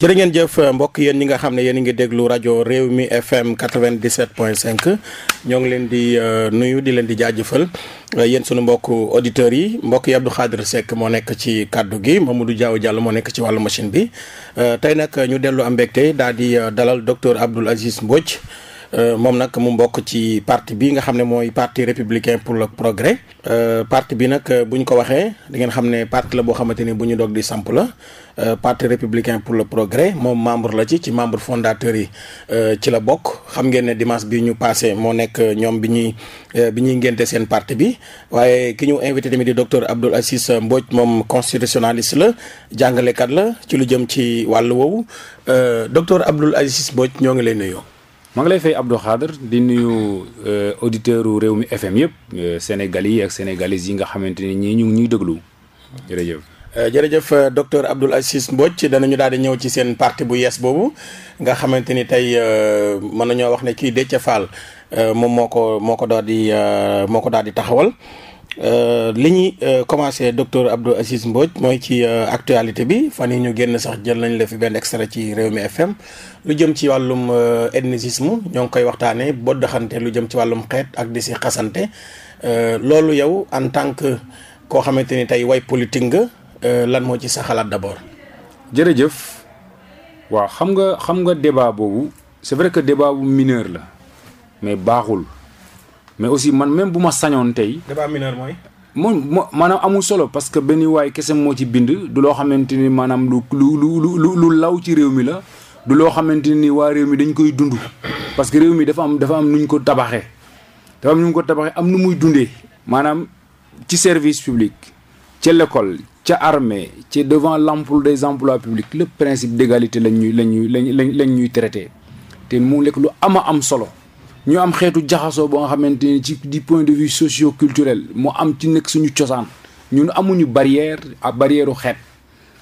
jërë ngeen jëf mbokk yéen ñi nga xam ne yéen a ngi déglu rajo réew mi FM 97.5 ñoo ngi leen di euh, nuyu di leen di jëfal euh, yéen sunu mbokk auditeurs yi mbokk yi Abdou Khadre Seck moo nekk ci kàddu gi moom du Diaw Diallo moo nekk ci wàllu machine bi euh, tey nag ñu dellu am mbégte daal di dalal docteur Abdoul Aziz Mbodj. Euh, moom nag mu mbokk ci parti bi nga xam ne mooy parti républicain pour le progrès euh, parti bi nag euh, bu ñu ko waxee di ngeen xam ne parti la boo xamante ni bu ñu dog di samp la parti républicain pour le progrès moom membre la ci ci membre fondateur yi ci la bokk xam ngeen ne dimanche bi ñu passé moo nekk ñoom bi ñuy bi ñuy ngénte seen parti bi waaye ki ñu invité tamit di docteur Abdoul Aziz mbooj moom constitutionnaliste la jàngalekat la ci lu jëm ci wàll woowu docteur Abdoul Aziz Mbodj ñoo ngi lay nuyoo maa ngi lay fay Abdou Khadre di nuyu euh, auditeurs réew mi FM yëpp euh, sénégalais yi ak sénégalaises yi nga xamante ni ñii ñu ngi ñuy déglu jërëjëf. Euh, jërëjëf docteur Abdoul Aziz Mbodj danañu daal di ñëw ci seen parti bu yees boobu nga xamante ni tey mën nañoo wax ne kii Déthié Fall moom moo ko moo ko daal di moo ko daal di taxawal. Euh, li ñuy euh, commencé docteur Abdou Aziz mooy ci euh, actualité bi fan yi ñu génn sax jël nañ la fi benn extrait ci Rewmi FM lu jëm ci wàllum euh, ethnicisme ñoo ngi koy waxtaanee boo doxante lu jëm ci wàllum xeet ak di si xasante euh, loolu yow en tant que koo xamante ni tey way politique nga euh, lan moo ci sa xalaat d'abord. jërëjëf waaw xam nga xam nga débat boobu c'est vrai que débat bu mineur la mais baaxul. mais aussi man même bu ma sañoon tey. débat mineur mooy. moom moo maanaam amul solo parce que benn waay kese moo ci bind du loo xamante ni maanaam lu lu lu lu lu law ci réew mi la du loo xamante ni waa réew mi dañ koy dund parce que réew mi dafa am dafa am nu ñu ko tabaxee dafa am nu ñu ko tabaxee am nu muy dundee maanaam ci service public ca l'école ca armée ci devant l'emploi des emplois publics le principe d'égalité lañ ñuy lañ ñuy lañ lañ ñuy traité te mu nekk lu ama am solo ñu am xeetu jaxasoo boo nga xamante ni ci du point de vue socio culturel mu am ci nekk suñu cosaan ñun amuñu barrière ak barrière xeet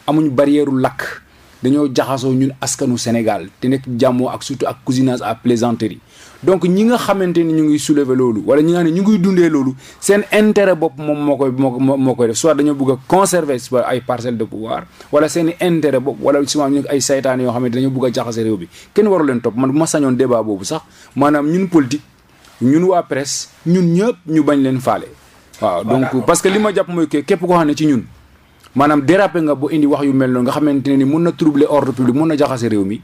amuñu barrière lakk dañoo jaxasoo ñun askanu Sénégal te nekk jàmmoo ak surtout ak cousinage à plaisanterie donc ñi nga xamante ni ñu ngi soulever loolu wala ñi nga xam ne ñu ngi dundee loolu seen intérêt bopp moom moo koy moo moo koy def soit dañoo bëgg a conserver soit ay parcelles de pouvoir wala seen i intérêt bopp wala souvent ñu ay yoo xam ne dañoo bëgg a bi kenn waru leen topp man bu ma sañoon débat boobu sax maanaam ñun politique ñun waa presse ñun ñëpp ñu bañ leen faale. waaw donc parce que li ma jàpp mooy que képp koo xam ne ci ñun maanaam dérapé nga bu indi wax yu mel noonu nga xamante ne ni mun na troubler ordre public mun na jaxase réew mi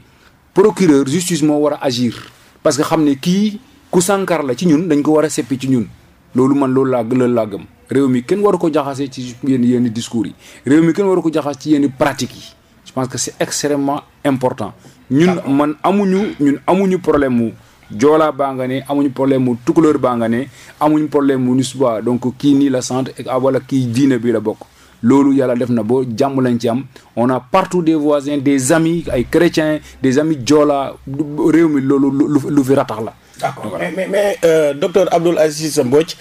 procureur justice moo war a agir. parce que xam ne kii ku Sankara la ci ñun dañ ko war a seppi ci ñun loolu man loolu laa loolu laa gëm réew mi kenn waru ko jaxasee ci yenn yenn discours yi réew mi kenn waru ko jaxas ci yenn pratiques yi je pense que c'est extrêmement important ñun man amuñu ñun amuñu problème mu joolaa baa nga ne amuñu problème mu tukulóor baa nga ne amuñu problème mu nisba donc kii nii la sant ak ah, wala kii diine bii la bokk loolu yàlla def na ba jàmm lañ ci am on a partout des voisins des amis ay chrétiens des amis joola réew mi loolu lu fi ratax la. d'accord mais mais mais euh, docteur Abdoul Aziz Mbodj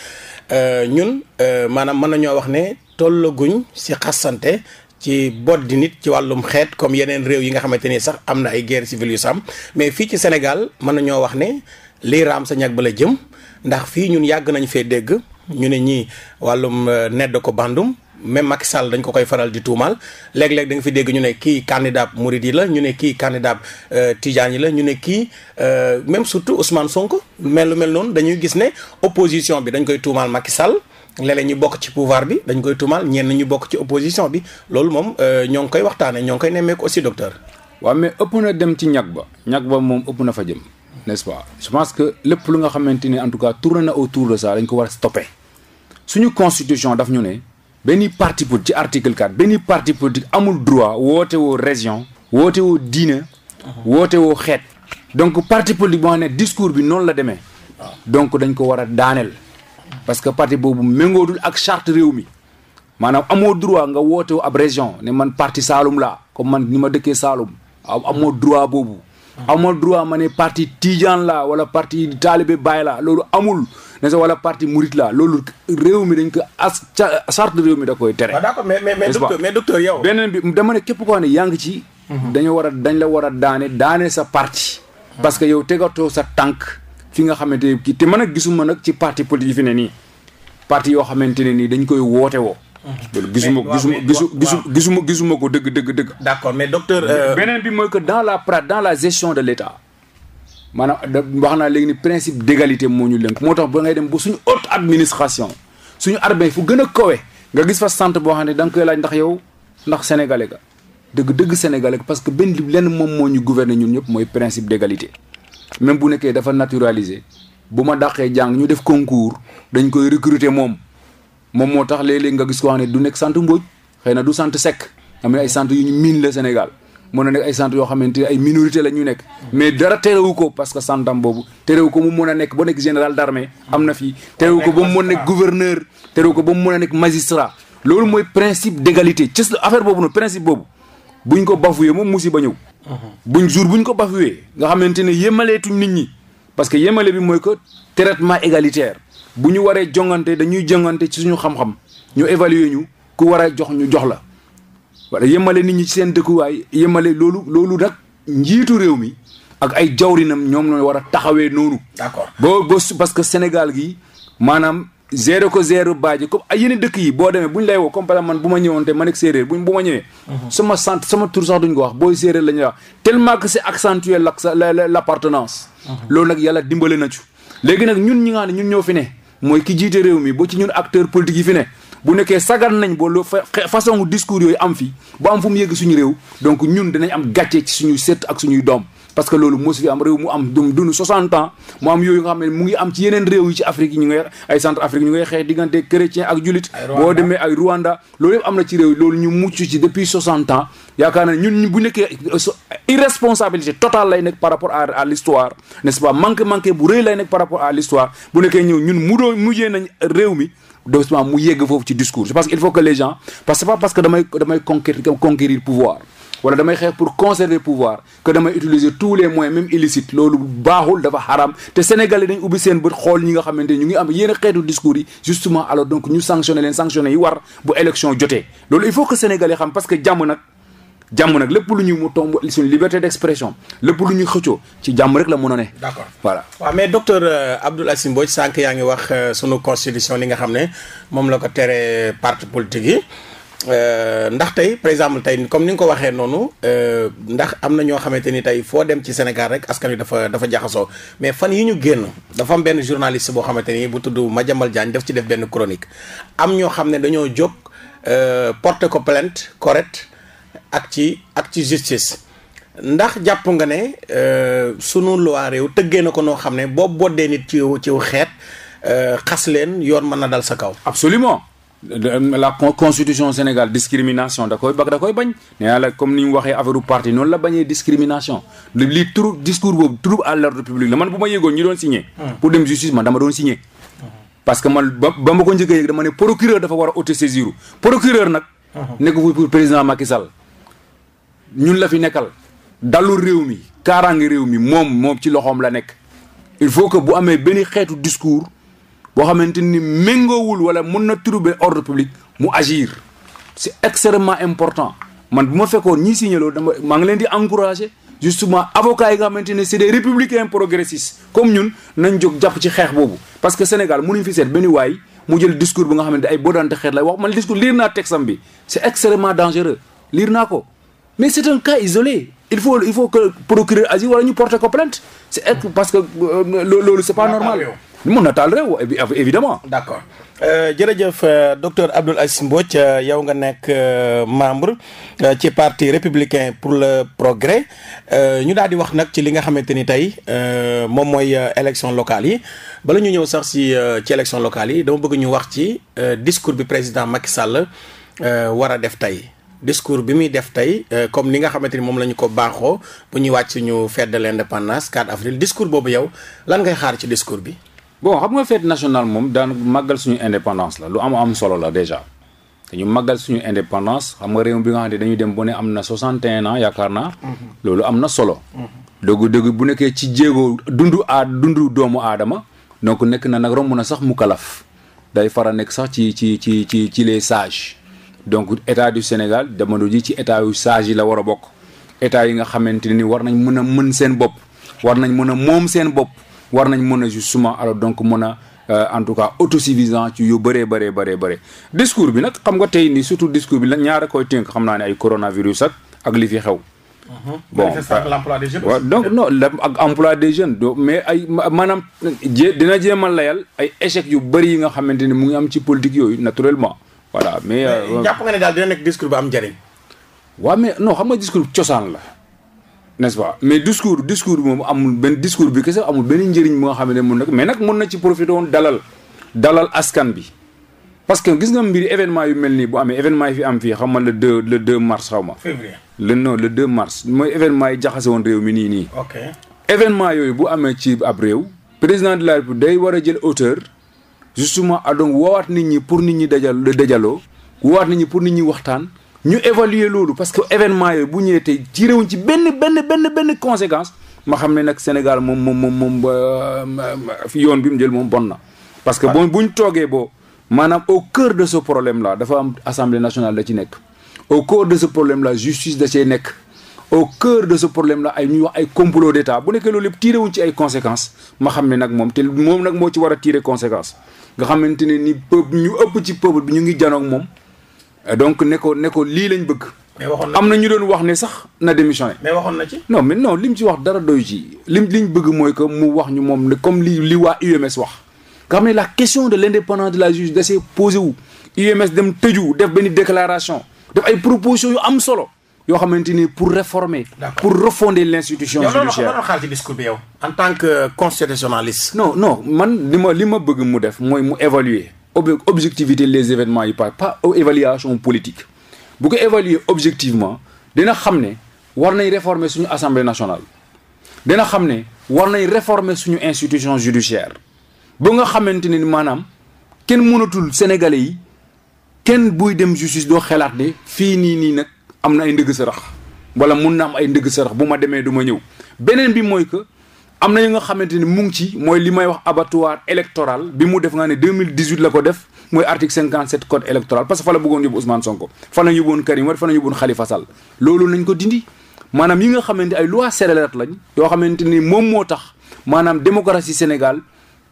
euh, ñun euh, maanaam mën nañoo wax ne tollaguñ si xasante ci boot di nit ci wàllum xeet comme yeneen réew yi nga xamante ni sax am na ay ger civile yu sam mais fii ci Sénégal mën nañoo wax ne lii raam sa ñag ba la jëm ndax fii ñun yàgg nañu fee dégg ñu ne ñii wàllum euh, nedd ko bandum même Macky Sall dañ ko koy faral di tuumaal léeg-léeg da fi dégg ñu ne kii candidat Mouride yi la ñu ne kii candidat euh, Tijaan yi la ñu ne kii euh, même surtout Ousmane Sonko mel lu mel noonu dañuy gis ne opposition bi dañ koy tuumaal Macky Sall léeg-léeg ñu bokk ci pouvoir bi dañ koy tuumaal ñenn ñu bokk ci opposition bi loolu moom euh, ñoo ngi koy waxtaanee ñoo ngi koy nemmeeku aussi docteur. waaw mais ëpp na dem ci ñag ba ñag ba moom ëpp na fa jëm n'est-ce pas je que lépp lu nga xamante ni en tout cas tourné na autour de ça dañ ko war a stoppé suñu constitution daf ñu ne. benn parti politique ci article 4 benn parti politique amul droit woote woo région woote woo diine uh-huh. woote woo xeet donc parti politique boo xam ne discours bi noonu la demee ah. donc dañ ko war a daaneel parce que parti boobu méngoodul ak charte réew mi maanaam amoo droit nga woote woo ab région ne man parti Saalum la comme man ni ma dëkkee Saalum amoo hmm. droit boobu hmm. amoo droit ma parti tiijan la wala parti taalibe Baay la loolu amul ne sa wala parti murit la loolu réew mi dañ ko as ca charte réew mi koy tere. Ah, mais mais docteur mais docteur yow. beneen bi dama ne képp koo xam yaa ngi ci. Mhm. dañu war a dañ la war a daane daane sa parti. Mhm. parce que yow tegatoo sa tànk fi nga xamante ne kii te man nag gisuma nag ci parti politique yi fi ne nii parti yoo xamante ne nii dañ koy woote woo. Mhm. loolu gisuma gisuma gisuma gisuma gisuma ko dëgg dëgg dëgg. d'accord mais docteur. Euh, beneen bi mooy que dans la pra dans la gestion de l'État. maanaam wax naa léegi ni principe d'égalité moo ñu lënk moo tax ba ngay dem ba suñu haute administration suñu armée fu gën a kawe nga gis fa sant boo xam ne da nga koy laaj ndax yow ndax sénégalais ga dëgg dëgg sénégalais parce que benn lenn moom moo ñu gouverner ñun ñëpp mooy principe d'égalité même bu nekkee dafa naturalisé bu ma dàqee jàng ñu def concours dañ koy recruter moom moom moo tax léeg-léeg nga gis ko xam ne du nekk sant Mbodj xëy na du sant Seck am na ay sant yu ñu miin la Sénégal mën na nekk ay centre yoo xamante ne ay minorité la ñu nekk mais dara terewu ko parce que centre boobu terewu ko mu mën a nekk ba nekk général d'armée am na fi terewu ko ba mu mën a nekk gouverneur terewu ko ba mu mën a nekk magistrat loolu mooy principe d'égalité ci affaire boobu noonu principe boobu buñ ko bafoué moom musiba ñëw buñ jour buñ ko bafoué nga xamante ne yémaleetuñ nit ñi parce que yémale bi mooy que traitement égalitaire bu ñu waree jongante dañuy jongante ci suñu xam ñu évaluer ñu ku war a jox ñu jox la wala yemale nit ñi ci seen dëkkuwaay yemale loolu loolu nag njiitu réew mi ak ay jawrinam ñoom la war a taxawee noonu. d'accord boo boo parce que Sénégal gi maanaam zéro ko zéro baaje comme ay yeneen dëkk yi boo demee bu ñu lay woo comme par exemple man bu ma ñëwoon te ma nekk séeréer buñ bu ma ñëwee. Mhm. sama sant sama tur sax duñ ko wax booy séeréer la ñuy wax tellement que c'est accentué la l'appartenance. Mhm. loolu nag yàlla dimbale na ci. léegi nag ñun ñi nga xam ne ñun ñoo fi ne mooy ki jiite réew mi ba ci ñun acteur politique yi fi ne. bu nekkee sagan nañ ba lu façon discours yooyu am fi bu am fu mu yëgg suñu réew donc ñun dinañ am gàcce ci suñuy sët ak suñuy doom parce que loolu mosu fi am réew mu am dum dund ans mu am yooyu nga xam ne mu ngi am ci yeneen réew yi ci Afrique yi ñu ngay ay centre Afrique ñu ngay xeex diggante chrétien ak julit boo demee ay Rwanda loolu yëpp am na ci réew loolu ñu mucc ci depuis 60 ans yaakaar na ñun bu nekkee euh, irresponsabilité totale lay nekk par rapport à à l'histoire n'est-ce pas manqué manqué bu rëy bu nekkee ñëw ñun mu doo nañ réew mi donc doucement mu yegg foofu ci discours je pense qu'il faut que les gens parce que c'est pas parce que damay conquérir pouvoir wala damay xeex pour conserver pouvoir que damay utiliser tous les moyens même illicites loolu baaxul dafa xaram te sénégalais dañ ubbi seen bët xool ñi nga xamante ñu ngi am yéen a xeetu discours yi justement alors donc ñu sanctionné leen yi war bu élection jotee loolu il faut que sénégalais xam parce que jàmm nag jàmm nag lépp lu ñu mu tomb suñu liberté d'expression lépp lu ñuy xëccoo ci jàmm rek la mën a ne. d'accord voilà. waaw mais docteur euh, Abdoul Aziz Mbodj sànq yaa ngi wax euh, sunu constitution li nga xam ne moom la ko teree parti politique yi euh, ndax tey par exemple tey comme ni nga ko waxee noonu ndax am na ñoo xamante ni tey foo dem ci Sénégal rek askan wi dafa dafa jaxasoo mais fan yi ñu génn dafa am benn journaliste boo xamante ni bu tudd Madiambal Diagne daf ci def benn chronique am ñoo xam ne dañoo jóg porter ko plainte correct ak ci ak ci justice ndax jàpp nga ne euh, su loi réew tëggee na ko noo xam ne boo boddee nit ci ci xeet euh, xas leen yoon mën na dal sa kaw. absolument euh, la constitution Sénégal discrimination da koy bag da koy bañ nee naa la comme ni waxee affaire parti noonu la bañee discrimination li turu discours boobu trouble à l'ordre la man bu ma yëgoon ñu doon signé. Hmm. pour dem justice man dama doon signé. Hmm. parce que man ba ma ko njëkkee yëg dama ne procureur dafa war a auto saisir procureur nag. Hmm. nekk fu pour ñun la fi nekkal dalu réew mi kaaraange réew mi moom moom ci loxoom la nekk il faut que bu amee benn xeetu discours boo xamante ni méngoowul wala mën na troubler ordre public mu agir c'est extrêmement important man bu ma fekkoon ñi signé dama maa ngi leen di encourager justement avocats yi nga xamante ne c'est des républicains progressistes comme ñun nañ jóg jàpp ci xeex boobu parce que Sénégal mënuñ fi seet benn waay mu jël discours bu nga xamante ay bodante xeet lay wax man discours liir naa texam bi c'est extrêmement dangereux liir naa ko mais c'est un cas isolé il faut il faut que procureur agir wala ñu porter ko plainte c'est être parce que euh, loolu c'est pas normal mun na taal réew évidemment d'accord euh, jërëjëf euh, docteur Abdoul Aziz Mbodj yow nga nekk membre ci parti républicain pour le progrès ñu daal di wax nag ci li nga xamante ni tey moom mooy élection locale yi bala ñu ñëw sax si ci élection locale yi dama bëgg ñu wax ci discours bi président Macky Sall war a def tey discours bi muy def tey euh, comme li nga xamante ni moom la ñu ko baaxoo bu ñuy wàcc suñu fête de l'indépendance 4 avril discours boobu yow lan ngay xaar ci discours bi. boo xam nga fête nationale moom daan maggal suñu indépendance la lu am am solo la déjà dañu maggal suñu indépendance xam nga réew bi nga xam ne dañuy dem ba ne am na 61 ans yaakaar naa. Mm-hmm. loolu am na solo. dëgg-dëgg mm-hmm. bu nekkee ci jéego dundu aad dundu doomu aadama donc nekk na nag romb na sax mu kalaf day fara nekk sax ci ci ci ci ci les sages. donc état du Sénégal jamono ji ci état yu sage la war a bokk état yi nga xamante ni war nañ mën a mën seen bopp war nañ mën a moom seen bopp war nañ mën a justement alors donc mën a euh, en tout cas autosuffisant ci yu bëree bëree bëree bëree discours bi nag xam nga tey ni surtout discours bi la ñaara koy tënk xam naa ne ay coronavirus sag ak li fi xew mhm. bon euh, l'emploi des jeunes donc non ak emploi des jeunes do mais ay maanaam jé dina jéem a layal ay échec yu bëri yi nga xamante ni mu ngi am ci politique yooyu naturellement voilà mais. Euh, jàpp nga ne am njëriñ. waaw mais non xam nga discours cosaan la n'est-ce pas mais discours discours moom amul benn discours bi kese amul benn njëriñ moo xam ne mun na mais nag mun na ci profité woon dalal dalal askan bi. parce que gis nga mbir événement yu mel nii bu amee événement yi fi am fii xam nga le 2 le 2 mars xaw mooy événement yi jaxase woon réew mi nii nii. ok événement yooyu bu amee ci ab réew. président de la République day war a jël hauteur justement a ah, donc woowaat nit ñi pour nit ñi dajal dajaloo woowaat nit pour nit ñi waxtaan ñu évaluer loolu parce que événement yooyu bu ñëwee tey ci benn benn benn benn conséquence ma xam ne nag Sénégal moom moom moom moom yoon bi mu jël moom bon na parce que ah. bon buñ toogee boo maanaam au cœur de ce problème dafa am assemblée nationale da ci nekk au cœur de ce nekk au cœur de ce problème là ay ay complot d'état bu nekkee loolu yëpp ci ay conséquences ma xam ne nag moom te moom nag moo ci war a tiré conséquence nga xamante ne ni peuple ñu ëpp ci peuple bi ñu ngi janoog moom donc ne ko ne ko lii lañ bëgg. mais waxoon am na ñu doon wax ne sax na démissionné. mais waxoon na ci. non mais li mu ci wax dara doy ci lim liñ bëgg mooy que mu wax ñu moom ne comme lii li waa UMS wax. nga xam ne la question de l' indépendance de la justice da see posé wu. UMS dem tëju def benn déclaration def ay propositions yu am solo. yoo xamante ni pour réformer. pour refonder l' institution judiciaire xaar ci discours bi yow. en tant que constitutionnaliste. non non man li ma li ma bëgg mu def mooy mu évaluer objectivité les événements yi par pas évaluation politique bu ko évaluer objectivement dina xam ne war nañ réformer suñu assemblée nationale. dana xam ne war nañ réformer suñu institution judiciaire ba nga xamante ni maanaam kenn mënatul sénégalais yi kenn buy dem justice doo xelaat ne fii nii nii nag. am na ay ndëgg sarax wala mun na am ay ndëgg sarax bu ma demee du ma ñëw beneen bi mooy que am na ñu nga xamante ni mu ngi ci mooy li may wax abattoir électoral bi mu def nga ne 2018 la ko def mooy article 57 code électoral parce que fa la bëggoon yóbbu Ousmane Sonko fa la yóbbuwoon Karim Wade fa la yóbbuwoon Khalifa Sall loolu nañ ko dindi maanaam yi nga xamante ay loi scélérate lañ yoo xamante ni moom moo tax maanaam démocratie Sénégal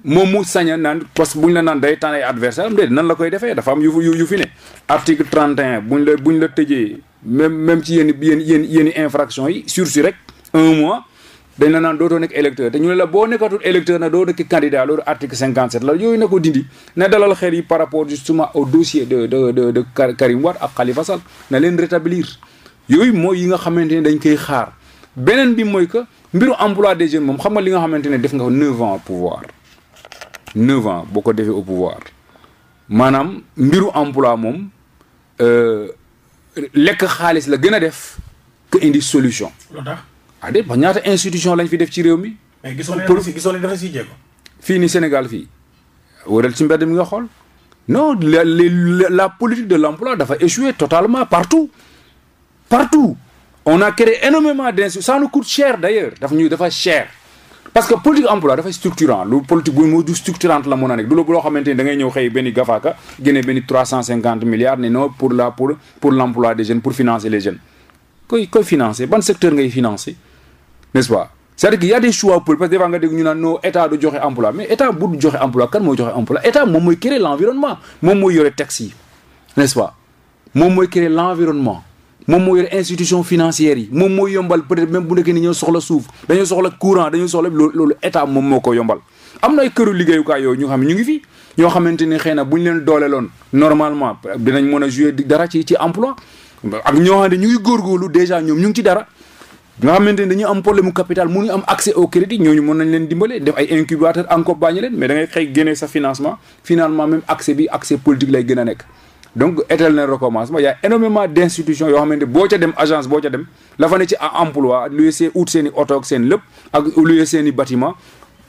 moom mu sañ naan parce que bu la naan day tànn ay adversaire am déet nan la koy defee dafa am yu yu yu fi ne article 31 bu ñu la tëjee même même ci yenn yenn yenn yenn infraction yi sursis rek un mois dañ la naan dootoo nekk électeur te ñu la boo nekkatul électeur na doo nekk candidat loolu article 57 la yooyu na ko dindi na dalal xel yi par rapport justement au dossier de de Karim Wade ak Khalifa Sall na leen rétablir yooyu mooy yi nga xamante ne dañ koy xaar beneen bi mooy que mbiru emploi des jeunes moom xam nga li nga xamante ne def nga ko 9 ans pouvoir neuf ans boo ko defee au pouvoir maanaam mbiru emploi moom euh, lekk xaalis la gën a def que indi solution. loolu tax ah dé ba ñaata institution lañ fi def ci réew mi. mais gisoon nañ dafa si jéego. fii ni Sénégal fii wëral ci mbedd mi nga xool non la la la politique de l'emploi dafa échoué totalement partout partout on a créé énormément d'institutions ça nous coûte cher d'ailleurs daf ñuy dafa cher. parce que politique emploi dafay structurant lu politique bu moo du structurante la mën a nekk du la loo xamante ni da ñëw xëy benn gafaaka génne benn trois cent cinquante milliards ne non pour la pour pour l' emploi pour financer les jeunes koy koy financer ban secteur ngay financer n' est ce pas c'est-à-dire que y a des choix pour parce que des fois nga dégg ñu naan non état du joxe emploi mais état mooy joxe emploi moom mooy créer l' moom mooy yore taxes moom mooy yor institution financière yi moom moo yombal peut-être même bu nekkee ni ñoo soxla suuf dañoo soxla courant dañoo soxla loolu loolu état moom moo ko yombal am na ay këru liggéeyukaay yooyu ñu xam ne ñu ngi fi ñoo xamante ni xëy na bu ñu leen dooleeloon dinañ mën a jouer dara ci ci emploi ak ñoo xam ne ñu ngi góorgóorlu déjà ñoom ñu ngi ci dara nga xamante ni dañu am problème mu capital mënuñu am accès au crédit ñooñu mën nañ leen dimbale def ay incubateur accompagner leen mais da ngay xëy sa financement finalement même accès bi accès politique lay gën a nekk donc éternel recommencement y' a énormément d' institutions yoo xamante boo ca dem agence boo ca dem la ci emploi luy see ut seeni i oto ak seen lépp ak luy seeni i bâtiment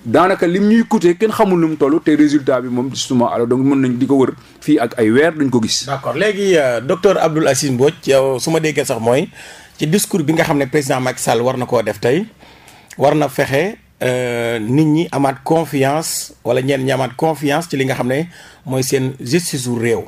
daanaka lim ñuy coûter kenn xamul nu mu toll te résultat bi moom justement alors donc mën nañ di ko wër fii ak ay weer duñ ko gis. d' accord euh, docteur Abdoul Aziz Mbodj yow su ma déggee sax mooy ci discours bi nga xam ne président Macky Sall war na koo def tey war na fexe. Euh, nit ñi amaat confiance wala ñeen ñi amaat confiance ci li nga xam ne mooy seen justice su réew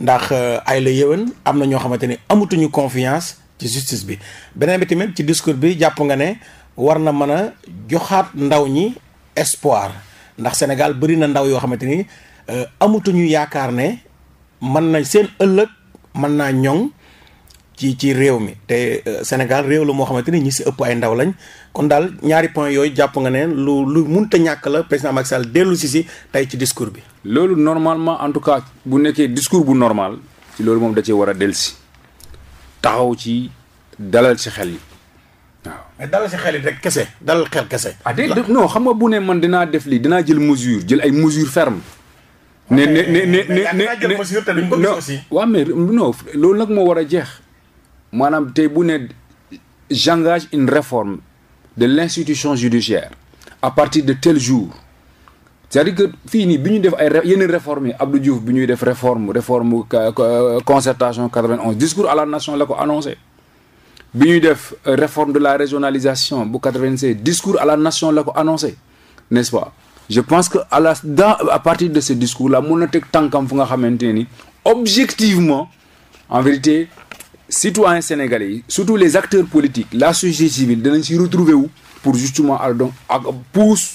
ndax euh, ay la yëwan am na ñoo xamante ni amatuñu confiance ci justice bi beneen bi tamit ci discours bi jàpp nga ne war na mën a joxaat ndaw ñi espoir ndax Sénégal bëri na ndaw yoo xamante ni euh, amatuñu yaakaar ne mën na seen ëllëg mën naa ñoŋ ci ci réew mi te euh, Sénégal réew la moo xamante ni ñi si ëpp ay ndaw lañ kon daal ñaari point yooyu jàpp nga ne lu lu munta ñàkk la président Macky Sall dellu si si tey ci discours bi. loolu normalement en tout cas bu nekkee discours bu normal ci loolu moom da cee war a dellu si taxaw ci dalal ci xel yi. waaw mais si xel rek kese dalal xel kese. ah déedéet xam nga bu ne man dinaa def lii dinaa jël mesure jël ay mesures fermes. ne ne ne ne ne ne ne ne ne ne ne ne ne ne ne ne ne ne ne maanaam te bu ne j'engage une réforme de l'institution judiciaire à partir de tel jour cest que fii nii bi ñu def ay yeneen réformes yi Abdou Diouf bi ñuy def réforme réforme concertation 91 discours à la nation la ko annoncé bi ñuy def euh, réforme de la régionalisation bu 96 discours à la nation la ko annoncé n'est-ce pas je pense que à la dans à partir de ce discours la mun na teg tànkam fu nga xamante ni objectivement en vérité citoyens sénégalais yi surtout les acteurs politiques la société civile danañ si retrouver wu pour justement donc ak pousse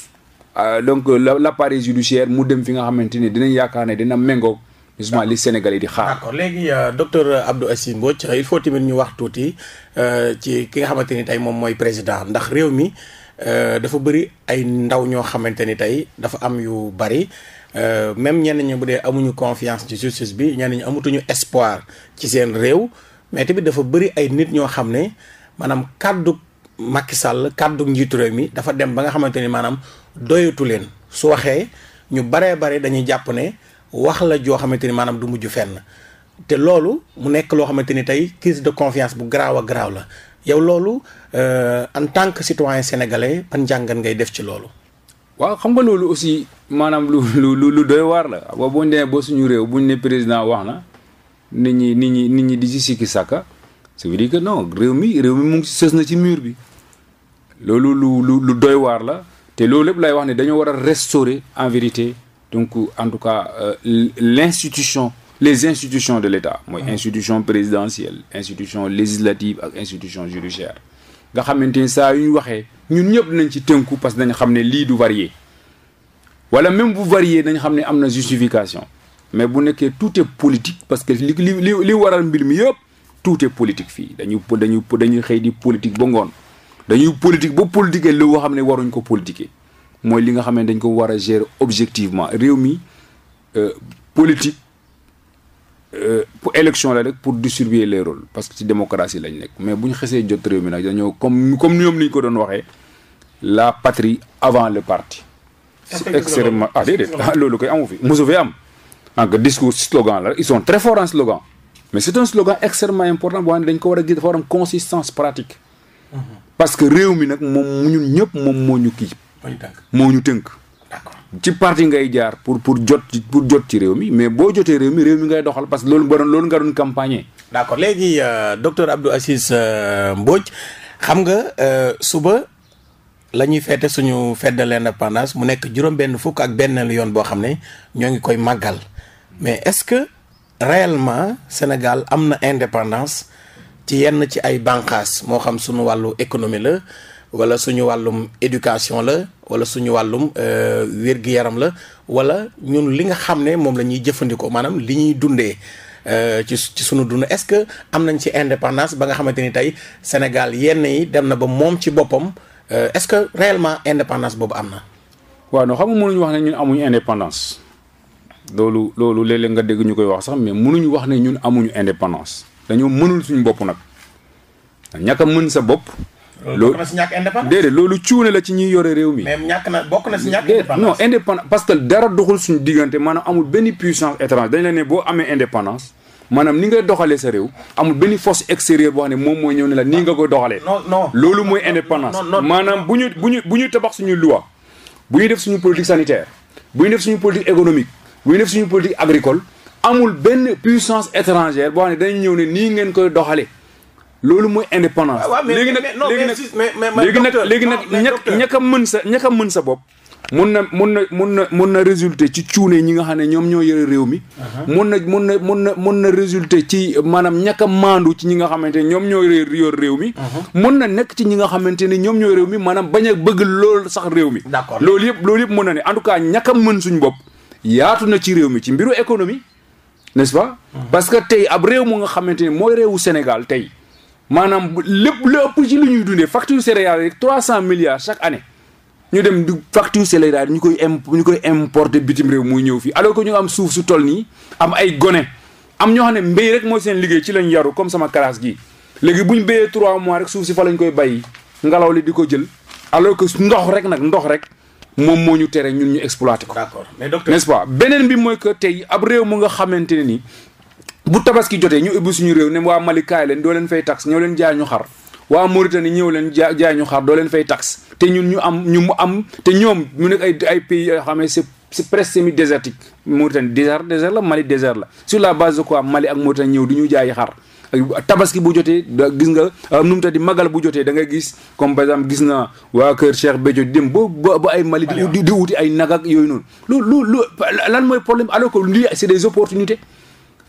euh, donc euh, la l'appareil judiciaire mu dem fi nga xamante ni dinañ yaakaar ne dina méngoog justement li Sénégal yi di xaar. d'accord léegi euh, docteur Abdou Aziz Mbodj il faut tamit ñu wax tuuti ci ki nga xamante ni tey moom mooy président ndax réew mi dafa bëri ay ndaw ñoo xamante ni tey dafa am yu bëri même ñenn ñi bu dee amuñu confiance ci justice bi ñenn ñi amatuñu espoir ci seen réew. mais tamit dafa bëri ay nit ñoo xam ne maanaam kàddu makki sàll kàddu njiitu réew mi dafa dem ba nga xamante ni maanaam doyatu leen su waxee ñu baree bare dañuy jàpp ne wax la joo xamante ni maanaam du mujj fenn te loolu mu nekk loo xamante ni tey crise de confiance bu garaaw a garaaw la yow loolu euh, en tant que citoyen sénégalais ban njàngat ngay def ci loolu. waaw xam nga loolu aussi maanaam lu lu lu doy waar la waaw boo ñu demee ba suñu réew bu ñu ne président wax na. nit ñi nit ñi nit ñi di ci sikki sàkka ça veut que non réew mi réew mi mu ngi sës na ci mur bi loolu lu lu lu doy waar la te loolu lépp lay wax ne dañoo war a restaurer en vérité donc en tout cas euh, l'institution les institutions de l'État mooy mm-hmm. institution présidentielle institution législative ak institution judiciaire nga xamante ni saa yu ñu waxee ñun ñëpp nañ ci tënku parce que dañ xam ne lii du varier wala même bu varier dañ xam ne am na justification mais bu nekkee tout est politique parce que li li li waral mbir mi yëpp tout est politique fii dañuy dañuy dañuy xëy di politique ba ngoon dañuy politique boo politiquer li nga xam ne waruñ ko politiquer mooy li nga xam dañ ko war a gérer objectivement réew mi euh, politique euh, pour élection la rek pour distribuer les rôles parce que ci démocratie lañ nekk mais bu ñu xesee jot réew mi nag dañoo comme comme ñoom ni ñu ko doon waxee la patrie avant le parti. c'est extrêmement ah déedéet loolu koy amu fi mosu fi am. en que discours slogan la ils sont très forts en slogan mais c'est un slogan extrêmement important boo xam ne dañ ko war a gis dafa war am consistance pratique parce que réew mi nag moom ñun ñëpp moom moo ñu kii moo ñu tënk ci parti ngay jaar pour pour jot ci pour jot ci réew mi mais boo jotee réew mi réew mi ngay doxal parce que loolu nga doon loolu nga doon campagne léegi euh, docteur Abdou Aziz euh, Mbodj xam nga euh, suba la ñuy feete suñu fête de l'indépendance mu nekk juróom benn fukk ak benn yoon boo xam ne ñoo ngi koy màggal mais est-ce que réellement Sénégal am na indépendance ci yenn ci ay bànqaas moo xam suñu wàllu économie la wala suñu wàllum éducation la wala suñu wàllum euh, wér-gu-yaram la wala ñun li nga xam ne moom la ñuy jëfandikoo maanaam li ñuy dundee euh, ci ci suñu dund est-ce que am nañ ci indépendance ba nga xamante ni tey Sénégal yenn yi dem na ba moom ci boppam euh, est-ce que réellement indépendance boobu am na. waaw non xam nga mënuñu wax ne ñun amuñu indépendance. loolu loolu léeg nga dégg ñu koy wax sax mais mënuñu wax ne ñun amuñu indépendance dañoo mënul suñu bopp nag ñàkk a mën sa bopp. loolu bokk ñàkk indépendance loolu cuune la ci ñuy yore réew mi. mais ñàkk na bokk na si ñàkk indépendance non indépendance parce que dara doxul suñu diggante maanaam amul benn puissance étrangère dañ la ne boo amee indépendance. maanaam ni ngay doxalee sa réew amul benn force extérieure boo xam ne moom mooy ñëw ne la nii nga koy doxalee. non non loolu mooy indépendance. maanaam bu ñu bu ñu bu ñu tabax suñu loi bu ñu def suñu politique sanitaire bu def suñu politique économique. muy def suñu politique agricole amul benn puissance étrangère boo xam ne dañu ñëw ne nii ngeen koy doxale loolu mooy indépendance. léegi nag léegi nag léegi nag ña ña ka mën sa ña ka mën sa bopp. mun na mun na mun na mun na résulté ci cuune ñi nga xam ne ñoom ñoo réew mi. Uh-huh. mun na mun na mun na mun na résulté ci maanaam ñàkk a maandu ci ñi xamante ne ñoom ñoo yor réew mi. Uh-huh. mun na nekk ci ñi nga xamante ne ñoom ñoo réew mi maana bañ a bëgg loolu sax réew mi. d'accord loolu yëpp loolu yëpp mun na ne en tout cas ñàkk mën suñu bopp. yaatu na ci réew mi ci mbiru économie n'est-ce mhm. parce que tey ab réew mu nga xamante ne mooy réewu Sénégal tey maanaam lépp lu ëpp ci lu ñuy dundee facture céréalière rek trois cent milliards chaque année ñu dem du facture céréalière ñu koy imp ñu koy importer bitim réew muy ñëw fii alors que ñu am suuf su toll nii am ay gone am ñoo xam ne mbéy rek mooy seen liggéey ci lañ yaru comme sama classe gi léegi bu ñu béyee trois mois rek suuf si fa lañ koy bay ngalaw li di ko jël alors que ndox rek nag ndox rek moom moo ñu tere ñun ñu exploité ko. d'accord mais docteur nest beneen bi mooy que tey ab réew mu nga xamante ne nii bu tabaski jotee ñu ubbi suñu réew ne waa Mali kaay leen doo leen fay tax ñëw leen jaay ñu xar waa Mauritanie ñëw leen jaay jaay ñu xar doo fay tax te ñun ñu am ñu mu am te ñoom mu nekk ay ay pays yoo xam ne c'est c'est presque semi désertique Mauritanie désert désert la Mali désert la sur la base de quoi Mali ak moo Mauritanie ñëw du ñu jaay xar. tabaski bu jotee gis nga nu mu di magal bu jotee da nga gis comme par exemple gis naa waa kër Cheikh Béthio di boo ay Mali di di wuti ay nag yooyu noonu lu lu lu lan mooy problème alors que lii c'est des opportunités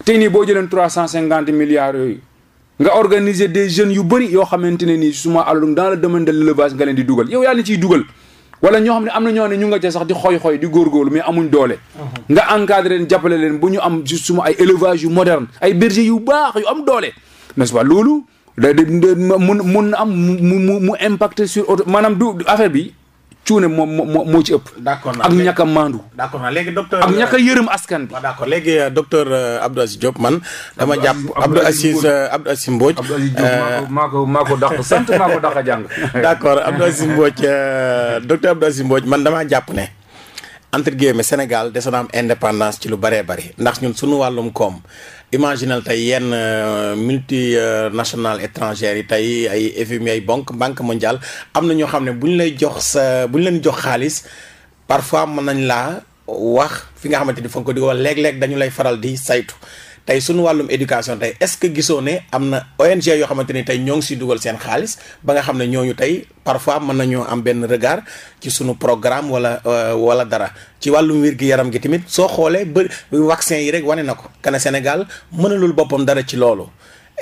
tey nii boo jëleen trois cent cinquante milliards yooyu nga organiser des jeunes yu bari yoo xamante ne nii suma alal dans le domaine de l'élevage leen di dugal yow yaa leen ciy dugal wala ñoo xam ne am na ñoo ne ñu nga ca sax di xoy-xoy di góorgóorlu mais amuñ doole uh-huh. nga encadré leen jàppale leen bu ñu am justement ay élevage yu moderne ay berger yu baax yu am doole n'est-ce pas loolu da mun mun na am mu mu impacté sur auto maanaam du affaire bi cuune moom moo moo ci ëpp. d'accord ak ñàkk a maandu. d'accord léegi docteur ak ñàkk a euh, yërëm askan bi. waaw léegi euh, docteur euh, Abdou Aziz Diop man. dama jàpp Abdou Aziz Abdou Aziz mbooj Abdou Aziz Diop maa ko maa ko dàq sant maa ko dàq a jàng. d'accord Abdou Aziz Mbodj man damaa jàpp ne. entre guillemets Sénégal dese na am indépendance ci lu bëree bëri ndax ñun suñu wàllum koom imaginal tey yenn euh, national étrangères yi tey ay FMI ay banque banque mondiale am na ñoo xam ne bu ñu lay jox sa bu ñu leen jox xaalis parfois mën nañ laa wax fi nga xamante ni fa nga ko di wax léeg-léeg dañu lay faral di saytu tey suñu wàllum éducation tey est-ce que gisoo ne am na ONG yoo xamante ni tey ñoo ngi siy dugal seen xaalis ba nga xam ne ñooñu tey parfois mën nañoo am benn regard ci suñu programme wala euh, wala dara ci wàllum wér yaram gi tamit soo xoolee ba vaccin yi rek wane na ko kana Sénégal mënalul boppam dara ci loolu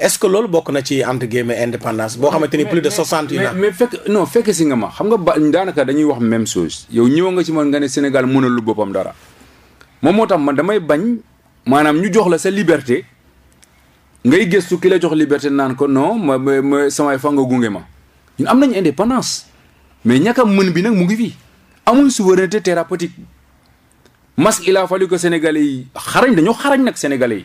est-ce que loolu bokk na ci entre indépendance boo xamante ni plus de soixante ans. mais mais fekk fekk si nga ma xam nga ba daanaka dañuy wax même chose yow ñëw nga ci man nga ne Sénégal mënalul boppam dara moom moo tax man damay bañ. maanaam ñu jox la sa liberté ngay gëstu ki la jox liberté naan ko non ma ma samay fa nga gunge ma ñun am nañu indépendance mais ñàkk a mën bi nag mu ngi fii amul souveraineté thérapeutique masque il a sénégal yi xarañ dañoo xarañ nag sénégal yi.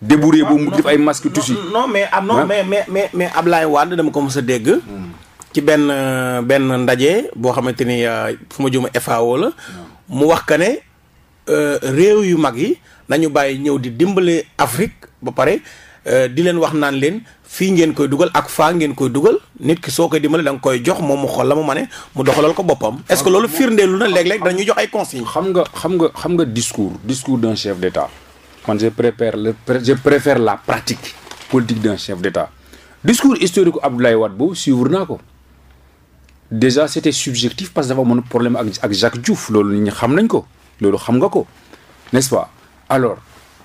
débrouiller bu mu def ay masque tusi non mais am ah, non mais mais mais mais Ablaye dama ko mos a dégg. ci benn benn ndaje boo xamante ni euh, fu ma jëm FAO la. mu wax ka ne. Euh, réew yu mag yi nañu bàyyi ñëw di dimbale Afrique ba pare euh, di leen wax naan leen fii ngeen koy dugal ak faa ngeen koy dugal nit ki soo koy dimbale da koy jox moom mu xool la mu mane mu doxalal ko boppam. est-ce que loolu lu na léeg-léeg dañuy jox ay consignes. xam nga xam nga xam nga discours discours d'un chef d'État. man je préfère le je préfère la pratique politique d'un chef d'État. discours historique Abdoulaye wat boobu suivre naa ko déjà c'était est parce que dafa amoon problème ak ak Jacques Diouf loolu nit ñi xam nañ ko. loolu xam nga ko n'est-ce pas alors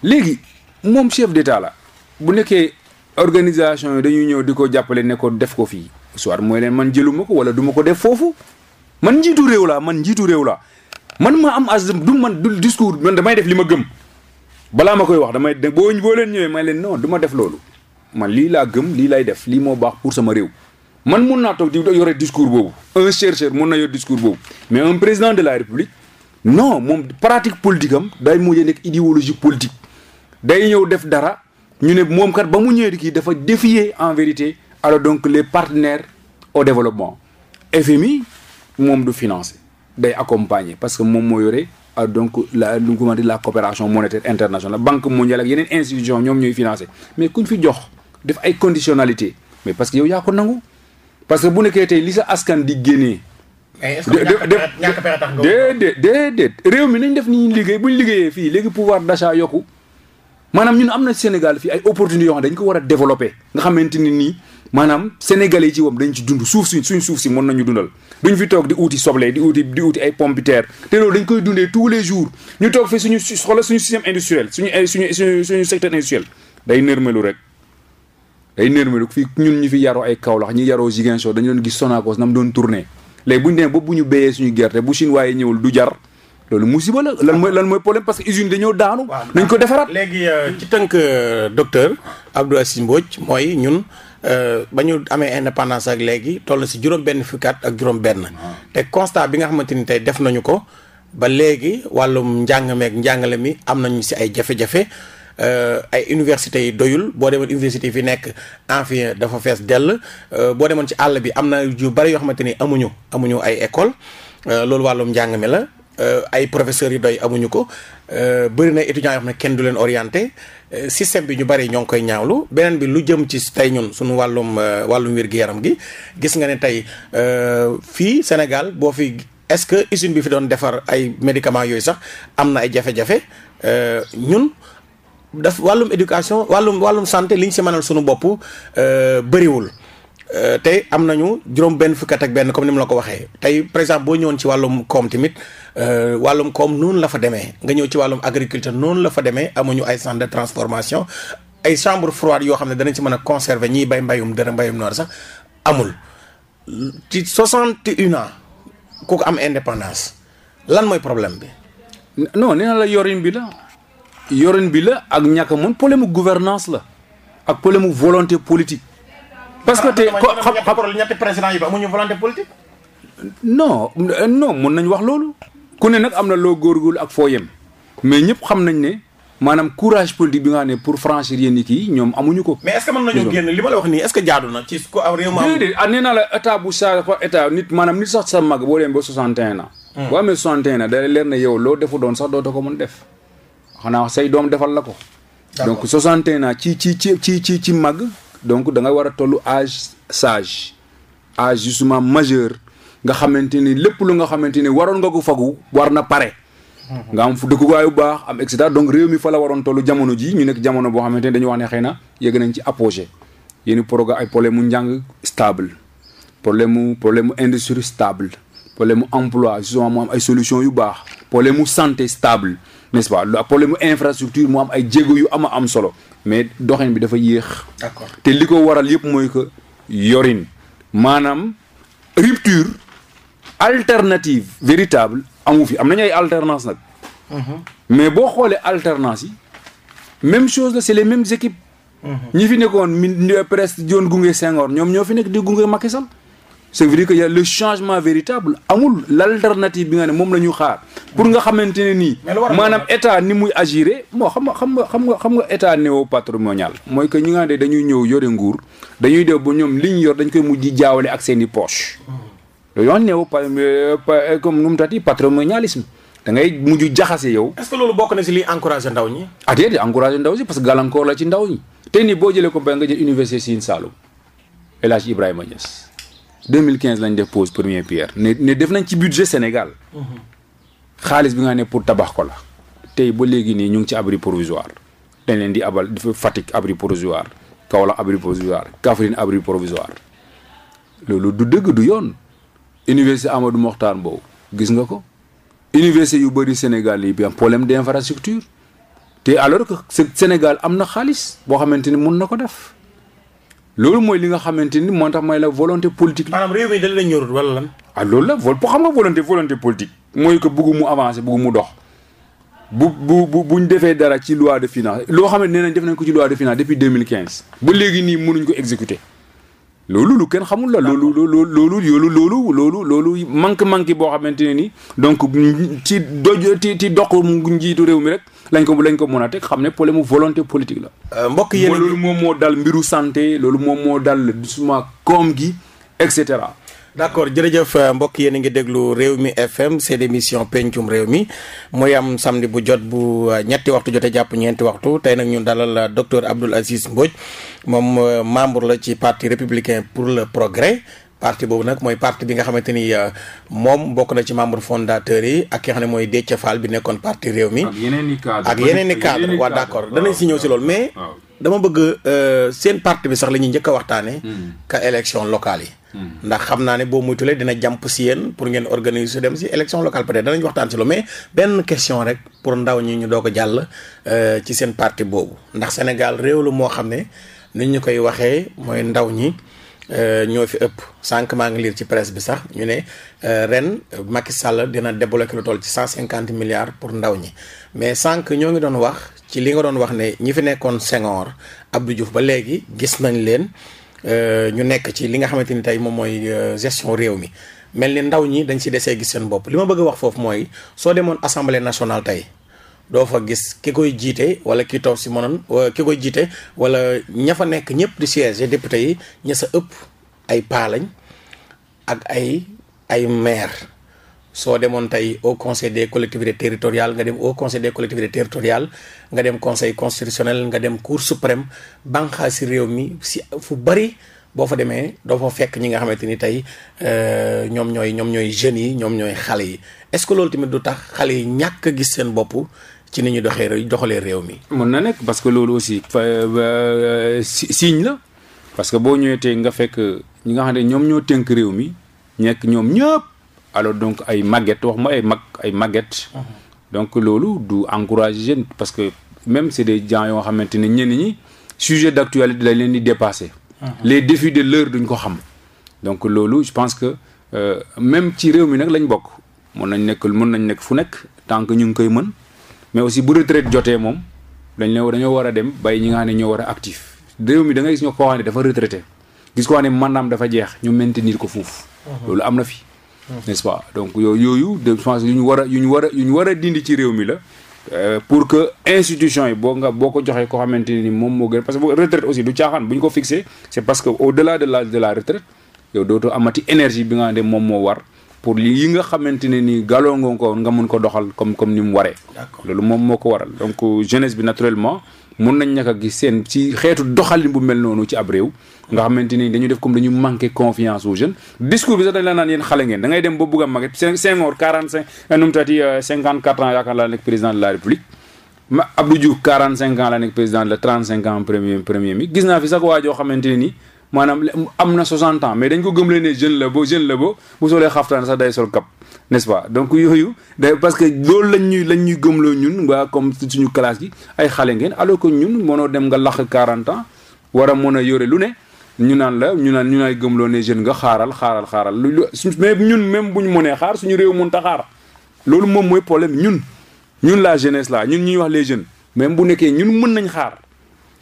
léegi moom chef d'état la bu nekkee organisation yi dañuy ñëw di ko jàppale ne ko def ko fii soit mooy leen man jëlu ma ko wala du ma ko def foofu man njiitu réew laa man njiitu réew laa man ma am as du man du discours man damay def li ma gëm balaa ma koy wax damay boo boo leen ñëwee may leen non du ma def loolu man lii laa gëm lii lay def lii moo baax pour sama réew man mun naa toog di yore discours boobu un chercheur mun na yor discours boobu mais un président la république non moom pratique politique am day mujjee nekk idéologie politique day ñëw def dara ñu ne moom kat ba mu ñëwee kii dafa défier en vérité alors donc les partenaires au développement FMI moom du financer day accompagner parce que moom moo yore ah, donc la lu ñu la coopération monétaire internationale banque mondiale ak yeneen institution ñoom ñooy financer mais kuñ fi jox def ay conditionnalité mais parce que yow yaa ko nangu parce que bu nekkee tey li sa askan di génnee Eh, déedéet déedéet réew mi nañ def ni ñuy liggéey buñ liggéeyee fii léegi pouvoir d'achat yokku maanaam ñun am na Sénégal fii ay opportunités yoo dañ ko war a développer nga xamante ni nii maanaam sénégalais yi ci wam dañ ci dund suuf si suñ suuf si mën nañu dundal ñu fi toog di uuti soble di uuti di uuti ay pompiteer te loolu dañ koy dundee tous les jours ñu toog fi suñu xoolal suñu système industriel suñu suñu suñu suñu secteur industriel day nërmelu rek day nërmelu fii ñun ñu fi yaroo ay Kaolack ñi yaroo Ziguinchor dañu doon gis Sonacos nam doon tourner léegi bu ñu demee ba bu ñu béyee suñu gerte bu Chinois yi ñëwul du jar loolu musiba la lan mooy lan mooy problème parce que usine dañoo daanu. nañ ko defaraat léegi euh, ci tënk euh, docteur Abdou Aziz Mbodj mooy ñun. Euh, ba ñu amee indépendance ak léegi toll si juróom benn fukki at ak juróom benn ah. te constat bi nga xamante ni tey def nañu ko ba léegi wàllum njàng meek njàngale mi am nañu si ay jafe-jafe Euh, ay universités yi doyul boo demoon université yi fi nekk enfin dafa fees dell euh, boo demoon ci àll bi am na yu bari yoo xamante ni amuñu amuñu ay école euh, loolu wàllum njàng mi la ay professeurs yi doy amuñu ko bëri na étudiants yoo xam ne kenn du leen orienté système bi ñu bari ñoo ngi koy ñaawlu beneen bi lu jëm ci tey ñun suñu wàllum wàllum wér-gu-yaram gi gis nga ne tey fii Sénégal boo fi est-ce que usine bi fi doon defar ay médicament yooyu sax am na ay jafe-jafe ñun. daf wàllum éducation wàllum wàllum santé li ñu si mënal suñu bopp euh, bëriwul euh, tey am nañu juróom benn fukkat ak benn comme ni mu la ko waxee tey par exemple boo ñëwoon ci wàllum koom tamit euh, wàllum koom noonu la fa demee nga ñëw ci wàllum agriculture noonu la fa demee amuñu ay centre transformation ay chambre froide yoo xam ne danañ ci mën a conserver ñiy bay mbayum dara mbayum noor sax amul ci soixante ko am indépendance lan mooy problème bi non nee na la yorin bi la yorin bi la ak ñàkk mun problème mu gouvernance la ak problème mu volonté politique. parce que tey ko xam xam ñetti président yi ba amuñu volonté politique. non mun nañ wax loolu. ku ne nag am na loo góorgóorlu ak foo yem mais ñëpp xam nañ ne maanaam courage politique bi nga ne pour franchir yenn kii ñoom amuñu ko. mais est ce que ma est ce na ci ko réew ma. déedéet ah nee naa la état bu saa nit maanaam sax mag boo demee ba 61 ans. Hmm. boo amee 61 ans da leer na yow loo defu doon sax dootoo ko def. xanaa say doom defal la ko. donc soixante et un ans ci ci ci ci ci màgg. donc da nga war a tollu age sage âge justement majeur nga xamante ni lépp lu nga xamante ni waroon nga ko fagu war na pare. Mhm. nga am fu dëkkuwaay bu baax am et donc réew mi fa la waroon tollu jamono ji ñu nekk jamono boo xamante ni dañu wax ne xëy na yëg nañ ci apogée yéen programme ay problème mu njàng stable problème mu problème mu industrie stable problème mu emploi justement mu am ay solution yu baax problème mu santé stable. n'est-ce pas le problème infrastructure mu am ay jéego yu am a am solo mais doxin bi dafa yéex. d'accord te li ko waral yëpp mooy que yorin maanaam rupture alternative véritable amu fi am nañu ay alternance nag. Mhm. mais boo xoolee alternance yi même chose la c'est les mêmes équipes. Mhm. ñi fi nekkoon mi presse doon gunge Senghor ñoom ñoo fi nekk di gunge Macky Sall ça veut dire que y a le changement véritable amul l' alternative bi nga ne moom la ñu xaar pour nga xamante ne nii maanaam état ni muy agiré moo xam nga xam nga xam nga xam nga état néo patrimonial mooy que ñi nga xam ne dañuy ñëw yore nguur dañuy def ba ñoom li ñu yor dañ koy mujj di jaawale ak seen i poche hmm. loolu yoon néo euh, euh, comme nu mu tati patrimonialisme da ngay mujj jaxase yow. est ce que loolu bokk na si liy encouragé ndaw ñi. ah déedéet encouragé ndaw si parce que gàllankoor la ci ndaw ñi te ni boo jëlee ko ba nga jël université Sine Saloum El Hadj Ibrahima Niass 2015 lañ def pose première pierre ne ne def nañ ci budget Sénégal xaalis bi nga ne pour tabax ko la tey ba léegi nii ñu ngi ci abri provisoire dañ leen di abal dafa Fatick abri provisoire Kaolack abri provisoire Kaffrine abri provisoire loolu du dëgg du yoon université Amadou Mokhtar Mbow gis nga ko université yu bëri Sénégal yi bi am problème d' infrastructure te alors que Sénégal am na xaalis boo xamante ni mun na ko def loolu mooy li nga xamante ni moo tax mooy la volonté politique. maanaam réew mi dañ la ñorul wala lan. a ah, loolu la vol pour xam nga volonté volonté politique mooy que bëgg mu avancer dox bu bu bu buñ defee dara ci loi de finance loo xam ne nee def nañ ko ci loi de finance depuis 2015. ba léegi nii munuñ ko exécuter. loolu lu kenn xamul la loolu loolu loolu yoolu loolu loolu loolu manque-manque boo xamante ne ni donc ci doj ci ci doq njiitu réew mi rek lañ ko lañ ko mën a teg xam ne problème volonté politique la euh, mbokk yéen loolu moom moo dal mbiru santé loolu moom moo dal suma koom gi et cetera d' accord jërëjëf euh, mbokk yéen a ngi déglu réew mi FM seen émission pencum réew mi muy am samedi bu jot bu euh, ñetti waxtu jote jàpp ñeenti waxtu tey nag ñu dalal euh, docteur Abdoul Aziz Mbodj moom membre la ci parti républicain pour le progrès parti boobu nag mooy parti bi nga xamante ni moom bokk na ci membre fondateur yi ak ki nga xam ne mooy Déthié Fall bi nekkoon parti réew mi. ak yeneen i cadre ak yeneen i cadre waaw d' accord danañ si ñëw si loolu mais. dama bëgg seen parti bi sax la ñuy njëkk a waxtaanee. Hmm. ka élection yi. ndax xam naa ne boo muytulee dina jàmp si yéen pour ngeen organiser su dem si élection locale peut-être danañ waxtaan si loolu mais benn question rek pour ndaw ñi ñu doog a jàll euh, ci seen parti boobu ndax Sénégal réew la moo xam ne ni ñu koy waxee mooy ndaw ñi euh, ñoo fi ëpp sànq maa ngi lire ci presse bi sax ñu ne euh, ren Macky Sall dina débloquer lu toll ci cent cinquante milliards pour ndaw ñi mais sànq ñoo ngi doon wax ci li nga doon wax ne ñi fi nekkoon Senghor Abdou Diouf ba léegi gis nañ leen Euh, ñu nekk ci li nga xamante ni tey moom mooy euh, gestion réew mi mel ni ndaw ñi dañ si desee gis seen bopp li ma bëgg a wax foofu mooy soo demoon assemblée nationale tey doo fa gis ki koy jiite wala ki toog si mënoon euh, ki koy jiite wala ña fa nekk ñëpp di siège député yi ña sa ëpp ay paa lañ ak ay ay maire soo demoon tey au conseil des collectivités territoriales nga dem au conseil des collectivités territoriales nga dem conseil constitutionnel nga dem cour suprême banqaa si réew mi si fu bari boo fa demee doo fa fekk ñi nga xamante ni tey euh, ñoom ñooy ñoom ñooy jeunes yi ñoom ñooy xale yi est-ce que loolu tamit du tax xale yi ñàkk a seen bopp ci ni ñu doxee doxalee réew mi. mën na nekk parce que loolu aussi. Euh, signe la parce que boo ñëwee nga fekk ñi nga xam ne ñoom ñoo tënk réew mi ñekk ñoom ñëpp. alors donc ay màgget wax ma ay mag ay màgget. Mhm. donc loolu du encouragé jeune parce que même c' est des gens yoo xamante ne ñenn ñi sujet d' actualité dañ leen di dépasser. Mhm. les défis de l'heure duñ ko xam. donc loolu je pense que euh, même ci réew mi nag lañ bokk mën nañ nekk mën nañ nekk fu nekk tant que ñu ngi koy mën mais aussi bu retraite jotee moom dañ leen dañoo war a dem bàyyi ñi nga xam ne ñoo war a actif réew mi da ngay gis ñoo koo xam ne dafa retraité gis koo xam ne maanaam dafa jeex ñu maintenir ko foofu. Mhm. na fi. n'est-ce pas donc yooyu yu ñu war a yu ñu war war a dindi ci réew mi la euh, pour que institution yi boo nga boo ko joxee koo xamante ni moom moo gën parce que retraite aussi du caaxaan bu ko fixé c'est parce que au delà de la de la retraite yow dootoo amati énergie bi nga xam moom moo war pour li yi nga xamante ne ni gàlloo nga ko mun ko doxal comme comme ni mu waree loolu moom moo ko waral donc jeunesse bi naturellement mun nañ ñàkk a gis seen ci xeetu doxalin bu mel noonu ci ab réew nga xamante ni dañu def comme dañu manqué confiance aux jeunes discours bi sax dañ la naan yéen xale ngeen da ngay dem ba bugg a màgget Senghor 45 euh, nu mu tati 54 euh, ans yaakaar laa nekk président de la république ma Abdou Diouf 45 ans la nekk président de la 35 ans premier premier mi gis naa fi sax waa joo xamante ne nii maanaam am na 60 ans mais dañ ko gëm leen ne jeune la ba jeune la ba bu solee xaftaan sax day sol kap n'est-ce pas yooyu parce que loolu lañ ñuy lañ ñuy gëmloo ñun waa comme suñu classe gi ay xale ngeen alors que ñun mënoo dem nga lax 40 ans war mën a yore lu ne ñu naan la ñu naan ñu nay gëmloo ne jeune nga xaaral xaaral xaaral lu mais ñun même bu ñu mënee xaar suñu réew mënut a loolu moom mooy problème ñun ñun la jeunesse la ñun ñuy wax les jeunes même bu nekkee ñun mën nañ xaar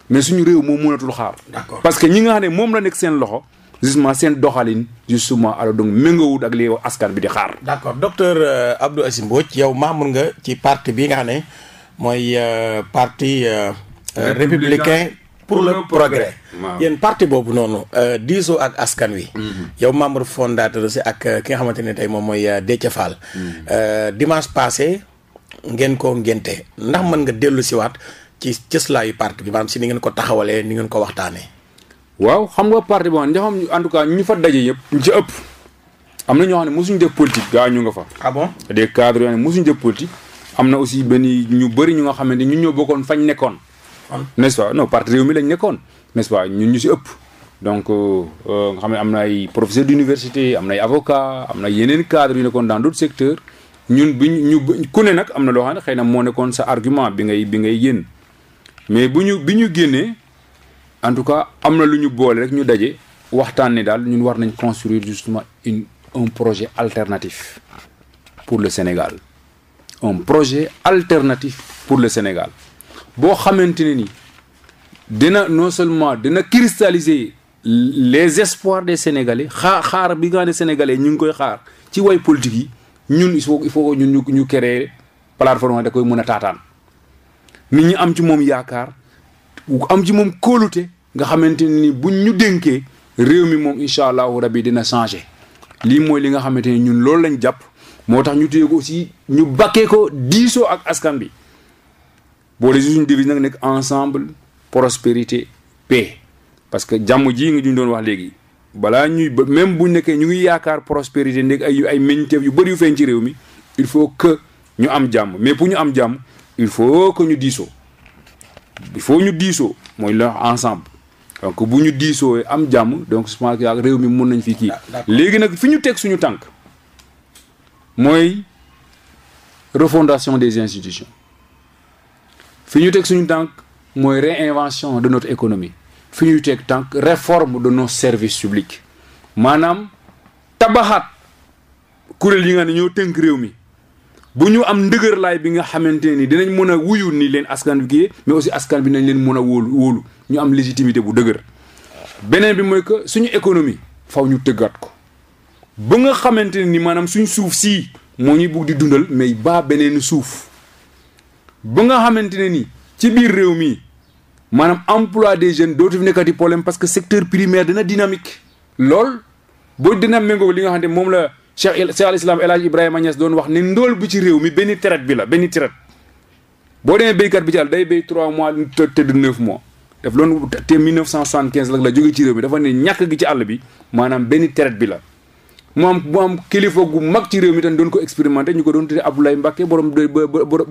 mais suñu réew moom mënatul xaar. parce que ñi nga xam ne moom la nekk seen loxo. justement seen doxalin justement alors donc méngoowut ak li askan bi di xaar. d'accord docteur euh, Abdou Aziz Mbodj yow membre nga ci parti bi nga xam ne mooy euh, parti. Euh, républicain pour le progrès. yéen parti boobu noonu diisoo ak askan wi. Mhm. yow membre fondateur si ak ki nga xamante ne tey moom mooy Déthié Fall. Mhm. dimanche passé ngeen ko ngénte ndax mën nga dellu siwaat ci cëslaayu parti bi maanaam si ni ngeen ko taxawalee ni ngeen ko waxtaanee. waaw xam nga parti boobu dafa am en tout cas ñu fa daje yëpp ñu ci ëpp am na ñoo xam ne mosuñu def politique ñu nga fa. ah des cadres yoo xam ne am na aussi benn ñu bëri ñu nga xamante ñun ñoo bokkoon fañ nekkoon. n'est-ce pas non parti réew mi lañ nekkoon n'est-ce ñun ñu si ëpp. donc euh, euh, nga xam ne am na ay professeurs d'université am na ay am na yeneen cadres yu nekkoon dans d'autres secteurs ñun bi ñu ku ne nag am na loo xam ne xëy na moo nekkoon sa argument bi ngay bi ngay yéen. mais bu ñu bi ñu génnee en tout cas am na lu ñu boole rek ñu daje waxtaan ni daal ñun war nañ construire justement une un projet alternatif pour le Sénégal un projet alternatif pour le Sénégal boo xamante ne ni dina non seulement dina cristalliser les espoirs des Sénégalais xaar xaar bi nga xam ne Sénégalais ñu ngi koy xaar ci way politique yi ñun il faut il faut ñun ñu ñu créer plateforme da koy mën a taataan. nit ñu am ci moom yaakaar am ci moom kóolute nga xamante ni buñ ñu dénkee réew mi moom incha allahu rabi dina changé lii mooy li nga xamante ni ñun loolu lañ jàpp moo tax ñu téye ko aussi ñu bakkee ko diisoo ak askan bi boole si di devise nag nekk ensemble prospérité paix parce que jàmm ji nga ñu doon wax léegi balaa ñuy même bu nekkee ñu ngi yaakaar prospérité ndeg ay ay meññteef yu bëri yu feeñ ci réew mi il faut que ñu am jàmm mais pour ñu am jàmm il faut ko ñu diisoo il faut ñu diisoo mooy la ensemble donc bu ñu diisoo am jàmm donc je pense que ak réew mi mun nañ fii kii léegi nag fi ñu teg suñu tànk mooy refondation des institutions fi ñu teg suñu tànk mooy réinvention de notre économie fi ñu teg tànk réforme de nos service publics maanaam tabaxaat kuréel yi nga ne ñoo tënk réew mi bu ñu am ndëgërlaay bi nga xamante ni dinañ mën a wuyu ni leen askan bi kii mais aussi askan bi nañ leen mën a wóolu wóolu ñu am légitimité bu dëgër beneen bi mooy que suñu économie faw ñu tëggaat ko ba nga xamante ni maanaam suñu suuf sii moo ñuy bugg di dundal mais baa beneen suuf ba nga xamante ne ni ci biir réew mi maanaam emploi des jeunes dootu fi nekkati problème parce que secteur primaire dana dynamique lool boo dina méngoo li nga xam ne moom la cheikh cheikh al islam El Hadj Ibrahima Niass doon wax ne ndóol bu ci réew mi benn traite bi la benn boo dee béykat bi ci àll day béy 3 mois tëdd 9 mois daf loon te 1975 la la jógee ci réew mi dafa ne ñàkk gi ci àll bi maanaam benn traite bi la. mu am mu am kilifa gu mag ci réew mi tam doon ko expérimenté ñu ko doon tuddee Abdoulaye Mbacke borom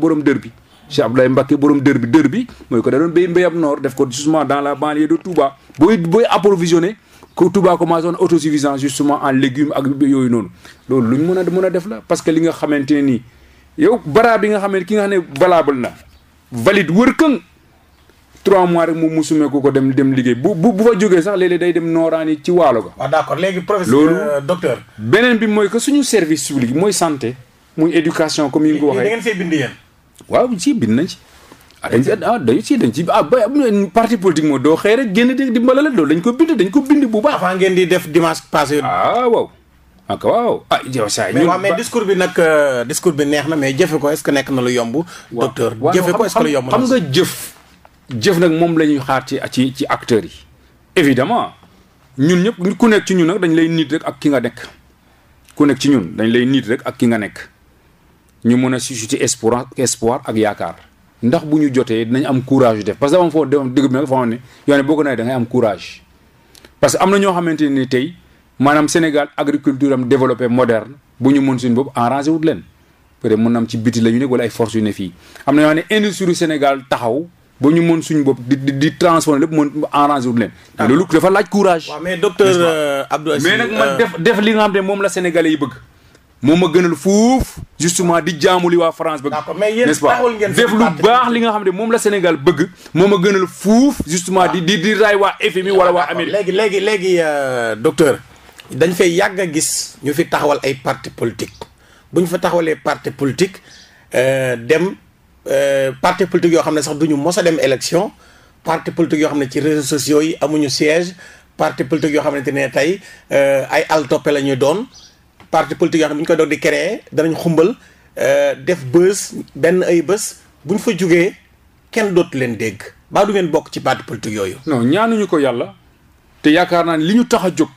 borom dër bi. cheikh Abdoulaye Mbacke borom dër bi mooy ko da doon béy mbéyam noor def ko justement dans la banlieue de Touba booy booy approvisionné. ko Touba commencé woon autosuffisance justement en légumes ak yooyu noonu loolu lu ñu mën a mën a def la parce que li nga xamante ne nii yow bara bi nga xam ki nga xam ne valable na valide wër këng trois mois rek mu musumee ko ko dem dem liggéey bu bu bu fa jógee sax léeg-léeg day dem nooraani ci waalo ga. waaw d'accord léegi professeur loolu euh, docteur. beneen bi mooy que suñu service public mooy santé muy éducation comme yi nga ko waxee. da ngeen see si bind nañ ci. dañ ah, si dañu ah, dañ si ci si ah ba parti politique moo doo xëy rek génn di dimbala la loolu dañ ko bind dañ ko bind bu baax. avant ngeen di def dimanche passé. ah waaw. ak ah, waaw ah saa mais waaw mais discours bi nag euh, discours bi neex na mais jëfe ko est nekk na lu yomb. docteur jëfe ko est-ce xam nga jëf. jëf nag moom la ñuy xaar ci ci ci acteurs yi. évidemment ñun ñëpp ku nekk ci ñun nag dañ lay niit rek ak ki nga nekk. ku nekk ci ñun dañ lay niit rek ak ki nga nekk. ñu mën a su susciter espoir espoir ak yaakaar. ndax bu ñu jotee dinañ am courage def parce que dama foo defoon dëgg bi nag foo ne yow da ngay am courage. parce que am na ñoo xamante ne ni tey maanaam Sénégal agriculture am développé moderne bu ñu mën suñ boobu enrangé wut leen peut être mën na ci biti la ñu nekk wala ay force yu ne fii am na ñoo xam ne industrie Sénégal taxaw. ba ñu mën suñu bopp di di di transformer lépp mën arranger wu leen. Ah. loolu dafa laaj courage. waaw mais docteur euh, Abdou Aziz mais nag man euh, def def li nga xam ne moom la sénégalais yi bëgg. moom ma gënal fuuf justement di jaamu li waa France bëgg n'est-ce pas def lu baax li nga xam ne moom la Sénégal bëgg moom a gënal fuuf justement di di di raay waa FMI wala waa Amérique léegi léegi léegi euh, docteur dañ fay yàgg a gis ñu fi taxawal ay parti politique bu ñu fa taxawalee parti politique euh, dem euh, parti politique yoo xam ne sax du ñu mos a dem élection parti politique yoo xam ne ci réseaux sociaux yi amuñu siège parti politique yoo xamante ne tey ay altoppe la ñuy doon parti politique yoo xam bu ñu koy doog di créer danañ xumbal euh, def bës benn ay bës bu ñu fa jógee kenn dootu leen dégg baa du ngeen bokk ci parti politique yooyu. non ñaanuñu ko yàlla te yaakaar naa ne li ñu tax a jóg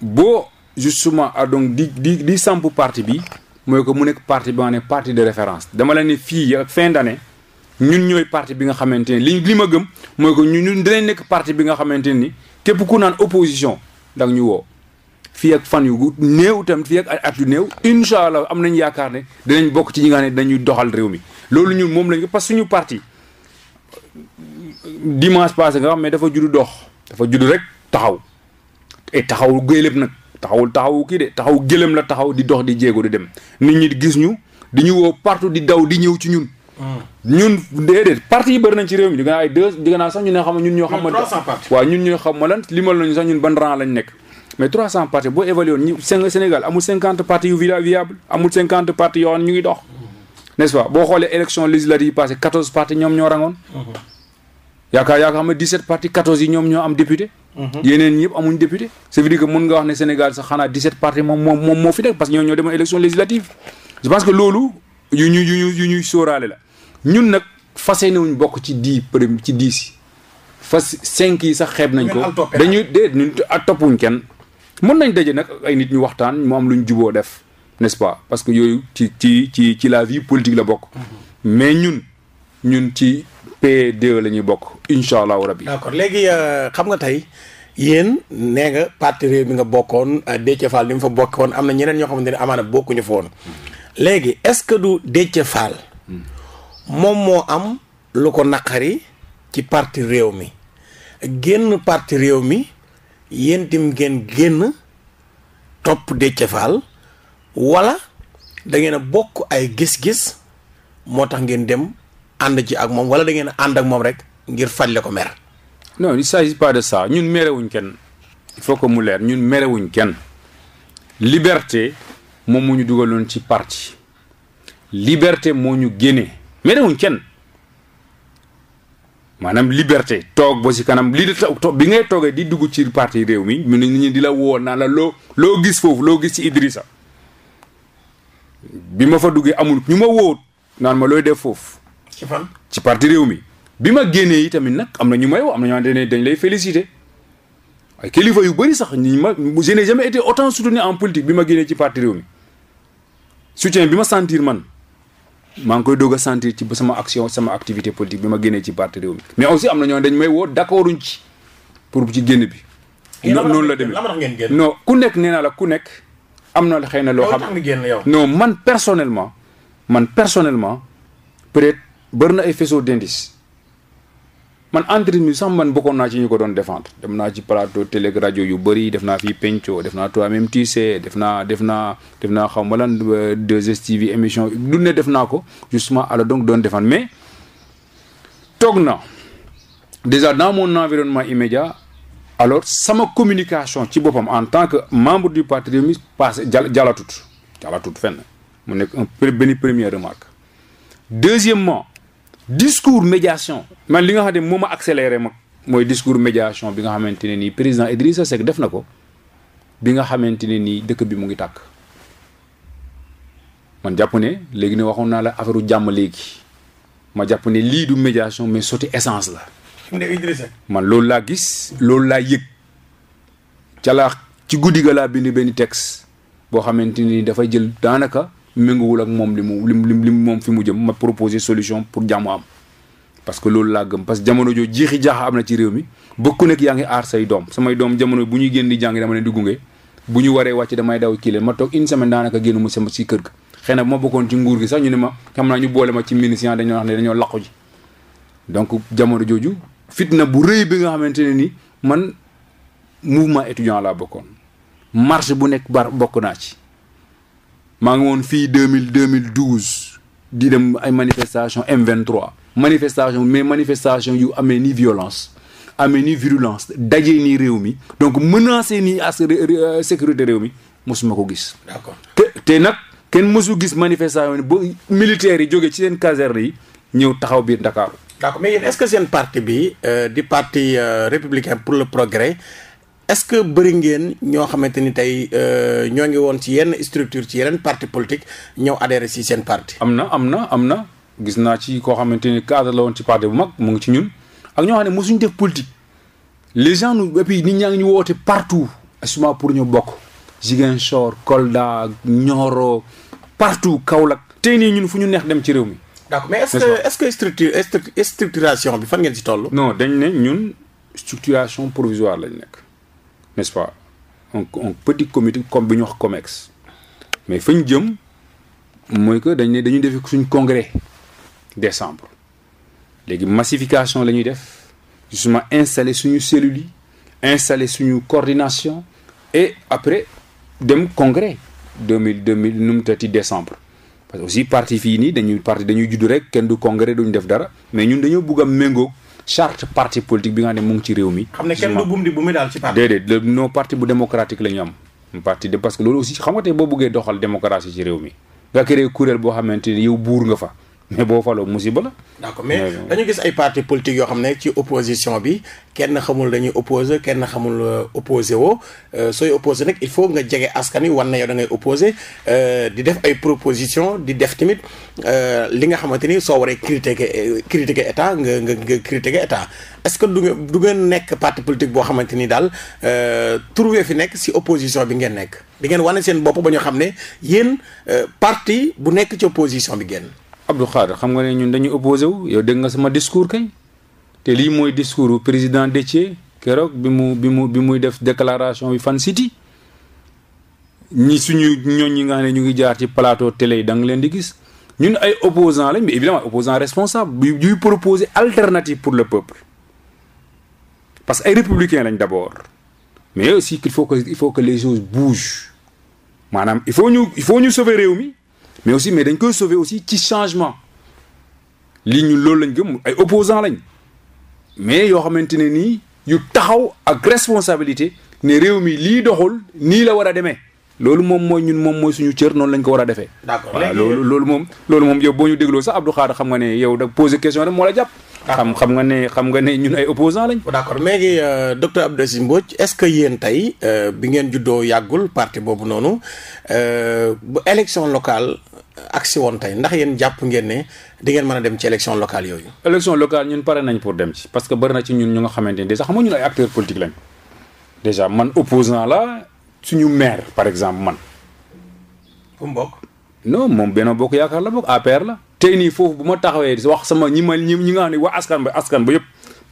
boo justement ah donc di di di samp parti bi mooy ko mu nekk parti bi ma ne parti de référence dama la ne fii ak fin d'année ñun ñooy parti bi nga xamante ne li li ma gëm mooy ko ñun ñun dinañ nekk parti bi nga xamante ni képp ku naan opposition danga ñu woo. fii ak fan yu néew tamit fii ak at yu néew incha allah am nañ yaakaar ne danañ bokk ci ñi nga xam ne dañuy doxal réew mi loolu ñun moom lañu ko parce que parti dimanche passé nga xam mais dafa judd dox dafa judd rek taxaw et taxawul gëlëm nag taxawul taxawu kii de taxaw gëlëm la taxaw di dox di jéego di dem nit ñi gis ñu di ñu woo partout di daw di ñëw ci ñun. Hmm. ñun déedéet parti yi bëri nañ ci réew mi di sax ñu ne xam ñun xam. ñun 300 parti waaw ñun ñoo xam ma lan limal nañu sax ñun ban rang lañ nekk. mais 300 partis boo évalué ñu Sénégal amul 50 partis yu viable amul 50 partis yoo ñu ngi dox. n'est-ce boo xoolee élection législative yi passé 14 ñoom ñoo rangoon. Mm-hmm. yaakaar yaakaar xam ne 17 partis 14 yi ñoom ñoo am député. Mm-hmm. yeneen ñëpp amuñ député. ça veut que mën nga wax ne Sénégal sax xanaa 17 partis moom moom moo fi nekk parce que ñoo ñoo demoon élection législative. je pense que loolu yu ñu yu ñu yu ñuy sóoraale la ñun nag fas nañ ko. dañuy mën nañ daje nag ay nit ñu waxtaan mu am lu ñu juboo def n'est-ce parce que yooyu ci ci ci ci la vie politique la bokk. Mm-hmm. mais ñun ñun ci PDE e la ñuy bokk incha allahu rabi. d'accord léegi euh, xam nga tey. yéen nee nga parti réew mi nga bokkoon euh, Déthié Fall li mu fa bokkoon am na ñeneen ñoo xamante ne amaana bokkuñu fa woon mm-hmm. léegi est-ce que du Déthié Fall mm-hmm. moom moo am lu ko naqari ci parti réew mi génn parti réew mi yéen dim ngeen génn topp Déthié Fall wala da a bokk ay gis-gis moo tax ngeen dem ànd ci ak moom wala da ngeen ànd ak moom rek ngir fajle ko mer. non il s'agit pas de saa ñun merewuñ kenn il faut que mu leer ñun merewuñ kenn liberté moom moo ñu dugaloon ci parti liberté moo ñu génnee merewuñ kenn. maanaam liberté toog ba si kanam lii de bi ngay toogee di dugg ci parti réew mi mu ne nit ñi di la woo naa la loo loo gis foofu loo gis ci Idrissa bi ma fa duggee amul ñu ma woo naan ma looy def foofu. ci fan ci parti réew mi. bi ma génnee yi tamit nag am na ñu may woo am na ñoo xamante dañ lay féliciter ay kilifa yu bëri sax ñi ma je n'ai jamais été autant soutenu en politique bi ma génnee ci parti réew mi soutien bi ma sentir man. maa ngi koy doog a sentir ci sama action sama activité politique bi ma génnee ci parti Rewmi mais aussi am na ñoo dañ may woo d'accorduñ ci pour ci génn bi. noonu la demee non ku nekk nee naa la ku nekk am na xëy na loo xam non man personnellement man personnellement peut-être bari na ay faisceau d'indice man entre bi sax man bokkoon naa ci ñu ko doon défendre dem naa ci plateau télé yu bëri def naa fii penco def naa toi même tu sais def naa def naa def naa xaw ma lan 2STV euh, émission du ne def naa ko justement alors donc doon défendre mais toog na déjà dans mon environnement immédiat alors sama communication ci boppam en tant que membre du parti Rewmi passé jalatut jàllatut fenn mu nekk un benn première remarque deuxièmement discours médiation man li nga xam ne moom ma accéléré ma mooy discours médiation bi nga xamante ne nii président Idrissa Seck def na ko bi nga xamante ne nii dëkk bi mu ngi tàkk man jàpp ne léegi ne waxoon naa la affaire jàmm léegi ma jàpp ne lii du médiation mais sotti essence la. man loolu laa gis loolu laa yëg ca laa ci guddi ga laa bind benn texte boo xamante ni dafay jël daanaka. méngoowul ak moom li mu lim lim moom fi mu jëm ma proposer solution pour jàmm am parce que loolu laa gëm parce que jamono joo jiixi jaaxa am na ci réew mi ba ku nekk yaa ngi aar say doom samay doom jamono bu ñuy génn di jàng dama leen di gunge bu ñu waree wàcc damay daw kii leen ma toog une semaine daanaka génn mu sama si kër ga xëy na bu ma bokkoon ci nguur gi sax ñu ne ma xam naa ñu boole ma ci ministère dañoo wax ji donc jamono jooju fitna bu rëy bi nga xamante ne ni man mouvement étudiant laa bokkoon marche bu nekk bar bokk naa ci maa ngi woon fii deux mille deux mille douze di dem ay manifestation m manifestation mais manifestation yu amee nii violence amee ni virulence dajee nii réew mi donc menacé nii à euh, sécurité réew mi mosuma ko gis. d'accord te nag kenn mosu gis manifestation yi ba militaires yi jógee ci seen caserne yi ñëw taxaw biir Dakar. d'accord mais yéen est-ce que seen parti bi euh, di parti euh, républicain pour le progrès. est-ce que bëri ngeen ñoo xamante ni tey euh, ñoo ngi woon ci yenn structure ci yeneen parti politique ñëw adhéré si seen parti. am na am na am na gis naa ci koo xamante ni cadre la woon ci parti bu mag mu ngi ci ñun ak ñoo xam ne mosuñu def politique les gens nous et nit ñaa ngi ñu woote partout assurément pour ñu bokk. Ziguinchor Kolda Nioro partout Kaolack. tey nii ñun fu ñu neex dem ci réew mi. d'accord mais est-ce que est-ce que structure structuration bi fan ngeen ci toll. non dañ ne ñun structuration provisoire lañ nekk. n'est-ce pas un un petit comité comme bi ñu wax COMEX mais fa ñu jëm mooy que dañ ne dañuy def suñu congrès décembre léegi massification la ñuy def justement installer suñu cellules installé suñu coordination et après dem congrès deux mille deux mille nu mu tati décembre. parce que aussi parti fii nii dañuy parti dañuy judd rek kenn du congrès duñu def dara mais ñun dañoo bugg a méngóog. charte parti politique bi nga xam ne mu ci réew mi. xam ne kenn du bum di bumi daal ci parti. déedéet non bu démocratique la am parti de parce que loolu aussi xam nga tey boo bëggee doxal démocratie ci réew mi nga créé kuréel boo xamante ni yow buur nga fa. mais boo faloo musiba la. d'accord mais dañu gis ay partis politiques yoo xam ne ci opposition bi kenn xamul dañuy opposé kenn xamul euh, opposé woo euh, sooy opposé nag il faut nga jege askan wi wan na yow da ngay opposé euh, di def ay proposition di def tamit li nga xamante ni soo waree critiquer critiquer état nga nga nga critiquer état est-ce que du ngeen du ngeen nekk parti politique boo xamante ni daal trouvé fi nekk si opposition bi ngeen nekk di ngeen wane seen bopp ba ñu xam ne yéen parti bu nekk ci opposition bi génn. Abdou Khadre xam nga ne ñun dañuy opposé wu yow dégg nga sama discours kay te lii mooy discours bu président Déthié keroog bi mu bi mu bi muy def déclaration bi fan city ñi suñu ñooñ ñi nga xam ñu ngi jaar ci plateau télé yi da nga leen di gis ñun ay opposant lañ mais évidemment opposant responsable bi yuy proposer alternative pour le peuple parce que ay républicain lañ d'abord mais aussi il faut que il faut que les choses bougent maanaam il faut ñu il faut mi mais aussi mais dañ koy sauver aussi ci changement li ñu loolu lañ gëm ay opposants lañ mais yoo xamante ne nii yu taxaw ak responsabilité ne réew mi lii doxul nii la war a demee loolu moom mooy ñun moom mooy suñu cer noonu lañ ko war a defee. d'accord loolu loolu moom. loolu moom yow boo ñu dégloo sax Abdou Khadre xam nga ne yow da posé question rek moo la jàpp. Ah. xam xam nga ne xam nga ne ñun ay opposants lañ. d' accord léegi euh, docteur Abdou Aziz est ce que yéen tey euh, bi ngeen juddoo yàggul parti boobu noonu euh, bu élection locale ak si woon tey ndax yéen jàpp ngeen ne di ngeen mën a dem ci élection locale yooyu. élection locale ñun pare nañ pour dem ci parce que bari na ci ñun ñu nga xamante ne dèjà xam nga ñun ay acteurs politiques lañ déjà man opposant la suñu maire par exemple man. fu no moom Benno Bokk Yaakaar la bokk APR la tey nii foofu bu ma taxawee wax sama ñi ma ñi ñi nga xam ne waa askan ba askan ba yëpp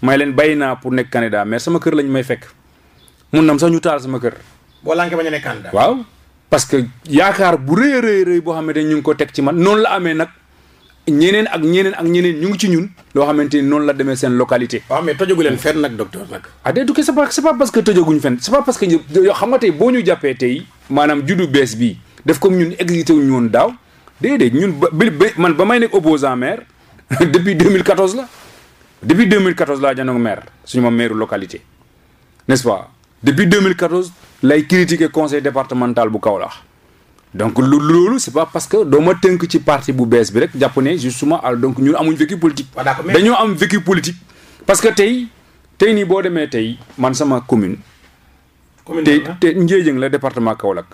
may leen bàyyi naa pour nekk candidat mais sama kër lañu may fekk mun nam sax ñu taal sama kër boo lànkee bañ a nekk candidat waaw parce que yaakaar bu rëy a rëy boo xam ne ñu ngi ko teg ci man noonu la amee nag ñeneen ak ñeneen ak ñeneen ñu ngi ci ñun loo xamante ni noonu la demee seen localité waaw mais tëjagu leen fenn nag docteur nag ah déedéet c'est pas c'est pas parce que tëjaguñ fenn c'est pas parce que yow xam nga tey boo ñu jàppee tey maanaam juddu bees bii def comme ñun existé wuñu woon daaw déedéet ñun ba man ba may nekk opposant maire depuis 2014 la depuis la laa janoog maire suñu ma maire localité n'est-ce pas depuis 2014 lay critiquer conseil départemental bu Kaolack donc lu loolu c'est pas parce que doo ma tënk ci parti bu bees bi rek jàpp ne justement donc ñun amuñ vécu politique. Ah, dañoo am vécu politique. parce que tey tey nii boo demee tey man sama commune. commune tey tey la département Kaolack.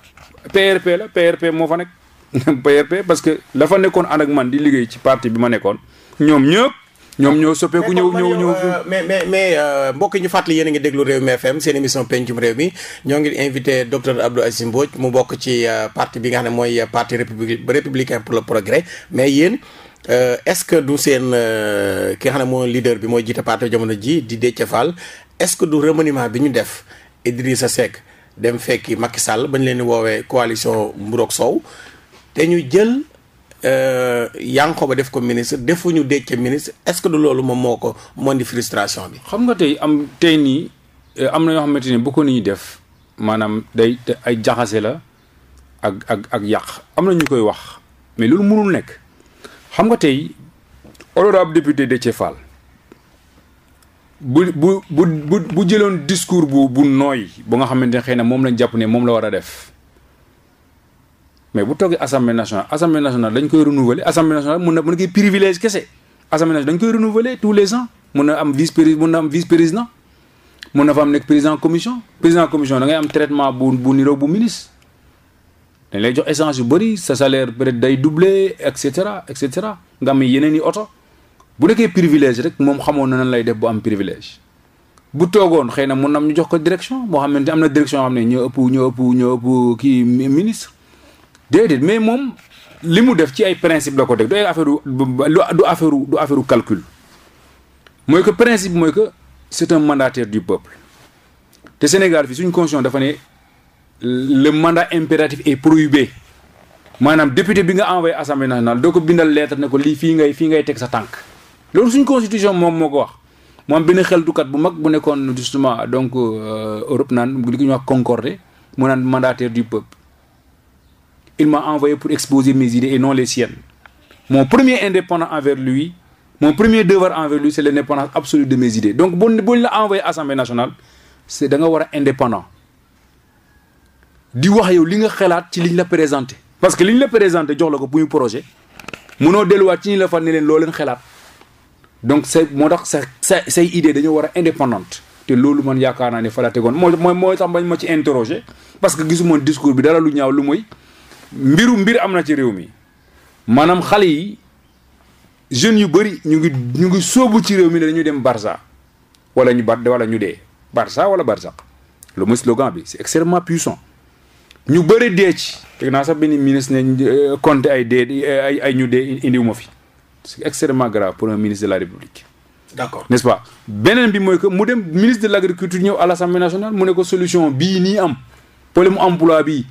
PRP la PRP moo fa nekk PRP parce que la fa nekkoon ànd man di liggéey ci parti bi ma nekkoon ñoom ñëpp. ñoom ñoo soppeeku ñëw ñëw ñëw. Euh, mais mais mais euh, mbokk ñu fàttali yéen ngi déglu réew mi seen émission pencum réew mi ñoo ngi invité docteur Abdou Aziz Mbodj mu bokk ci euh, parti bi nga xam ne mooy parti républi républicain pour le progrès mais yéen. Euh, est-ce que du seen ki nga xam ne mooy leader bi mooy jiite parti jamono ji di Déthié Fall est-ce que du remaniement bi ñu def sa Seck dem fekki Macky sàll bañ leen di woowee coalition Mburoog Sow te ñu jël Euh, ba def ko ministre ñu Déthié ministre est-ce que du loolu moom moo ko moo di frustration bi. xam nga tey am tey nii euh, am na ñoo xamante ne bu ko nii def maanaam day ay jaxase la ak ak ak yàq am na ñu koy wax mais loolu mënul nekk xam nga tey honorable député Déthié Fall bu bu bu bu jëloon discours bu bu nooy bu nga xamante ne xëy na moom lañ jàpp ne moom la war a def. mais bu toogee assemblée nationale assemblée nationale dañ koy renouveler assemblée nationale mun na mun na koy privilège kese assemblée nationale koy renouveler tous les ans mun na am vice président mun na am vice président mun na fa am nekk président commission président commission da ngay am traitement bu bu bu ministre dañ lay jox essence yu bëri sa salaire peut-être day doublé et cetera et cetera nga am yeneen i oto bu nekkee privilège rek moom xamoon na nan lay def bu am privilège bu toogoon xëy na mun na ñu jox ko direction boo xamante am na direction yoo xam ne ñoo ëpp ñoo ëpp ñoo ëpp kii déedéet mais moom li mu def ci ay principe la ko teg du affaire du affaire du affaire calcul mooy que principe mooy que c'est un mandataire du peuple te Sénégal fi suñ constitution dafa ne le mandat impératif est prohibé maanaam député bi nga envoyé assemblée nationale doo ko bindal lettre ne ko lii fii ngay fii ngay teg sa tànk loolu suñ constitution moom moo ko wax moom benn xeltukat bu mag bu nekkoon justement donc euh, Europe naan li ko ñu wax concorde mu naan mandataire du peuple il m'a envoyé pour exposer mes idées et non les siennes mon premier indépendant envers lui mon premier devoir envers lui c'est l'indépendance absolue de mes idées donc bu buñ la envoyé assemblée nationale c'est da nga war indépendant di wax yow li nga xalaat ci liñ la présenté parce que liñ la présenté jox la ko bu ñu projet mënoo delluwaat ci ñu la fa ne leen loo leen xalaat donc c'est moo tax sa sa say idée dañoo war a indépendante te loolu man yaakaar naa ne fa la tegoon moo mooy moo tax bañ ma ci interroger parce que gisumoon discours bi dara lu lu mooy mbiru mbir am na ci réew mi maanaam xale yi jeunes yu bëri ñu ngi ñu ngi sóobu ci réew mi ne dañuy dem Barça wala ñu bar wala ñu dee Barça wala Barsaq lu mooy slogan bi c'est extrêmement puissant ñu bëri dee ci. dégg naa sax benn ministre ne euh, compte ay dee ay ñu dee indiwuma fi c'est extrêmement grave pour un ministre de la République. d'accord nest pas beneen bi mooy que mu dem ministre de l'agriculture ñëw à l'Assemblée nationale mu ne ko solution bii nii am mu emploi bii.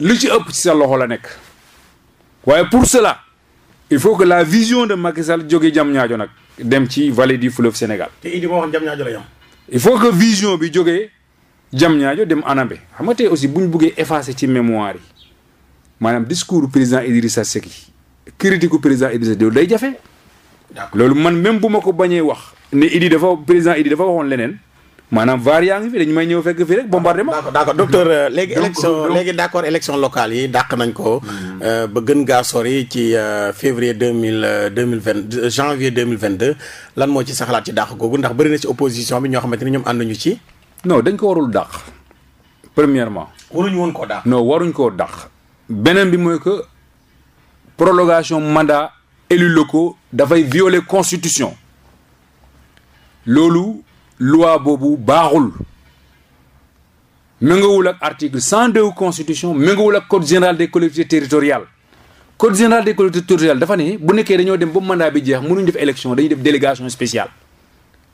li ci ëpp ci sa loxo la nekk waaye pour cela il faut que la vision de Macky Sall jóge jam ñaajo nag dem ci vallée du fleuve Sénégal. te Idi moo wax jam ñaajo la yam. il faut que vision bi jógee jam ñaajo dem Anambé xam nga tey aussi bu ñu buggee effacer ci mémoire yi maanaam discours président Idrissa sa yi critique u président Idrissa Seck day jafe. loolu man même bu ma ko bañee wax. ne Idi dafa président Idi dafa waxoon leneen. maanaam vaar yaa ngi fi dañu may ñëw fekk fii rek bombardé ma. d' euh, léegi élection élection locale yi dàq nañ ko. Hmm. Euh, ba gën gaa sori ci euh, février deux mille deux mille vingt janvier deux mille vingt deux lan moo ci saxalaat ci dàq googu ndax bëri na ci opposition bi ñoo xamante ni ñoom ànduñu ci. non dañ ko warul dàq. premièrement. waruñu woon koo dàq. non waruñ koo dàq. beneen bi mooy que prolongation mandat élus locaux dafay violer constitution loolu. loi boobu baaxul méngawul ak article wu constitution méngawul ak code général des collectivités territoriales code général des collectivités territoriales dafa ne bu nekkee dañoo dem ba mandat bi jeex mënuñ def élection dañuy def délégation spéciale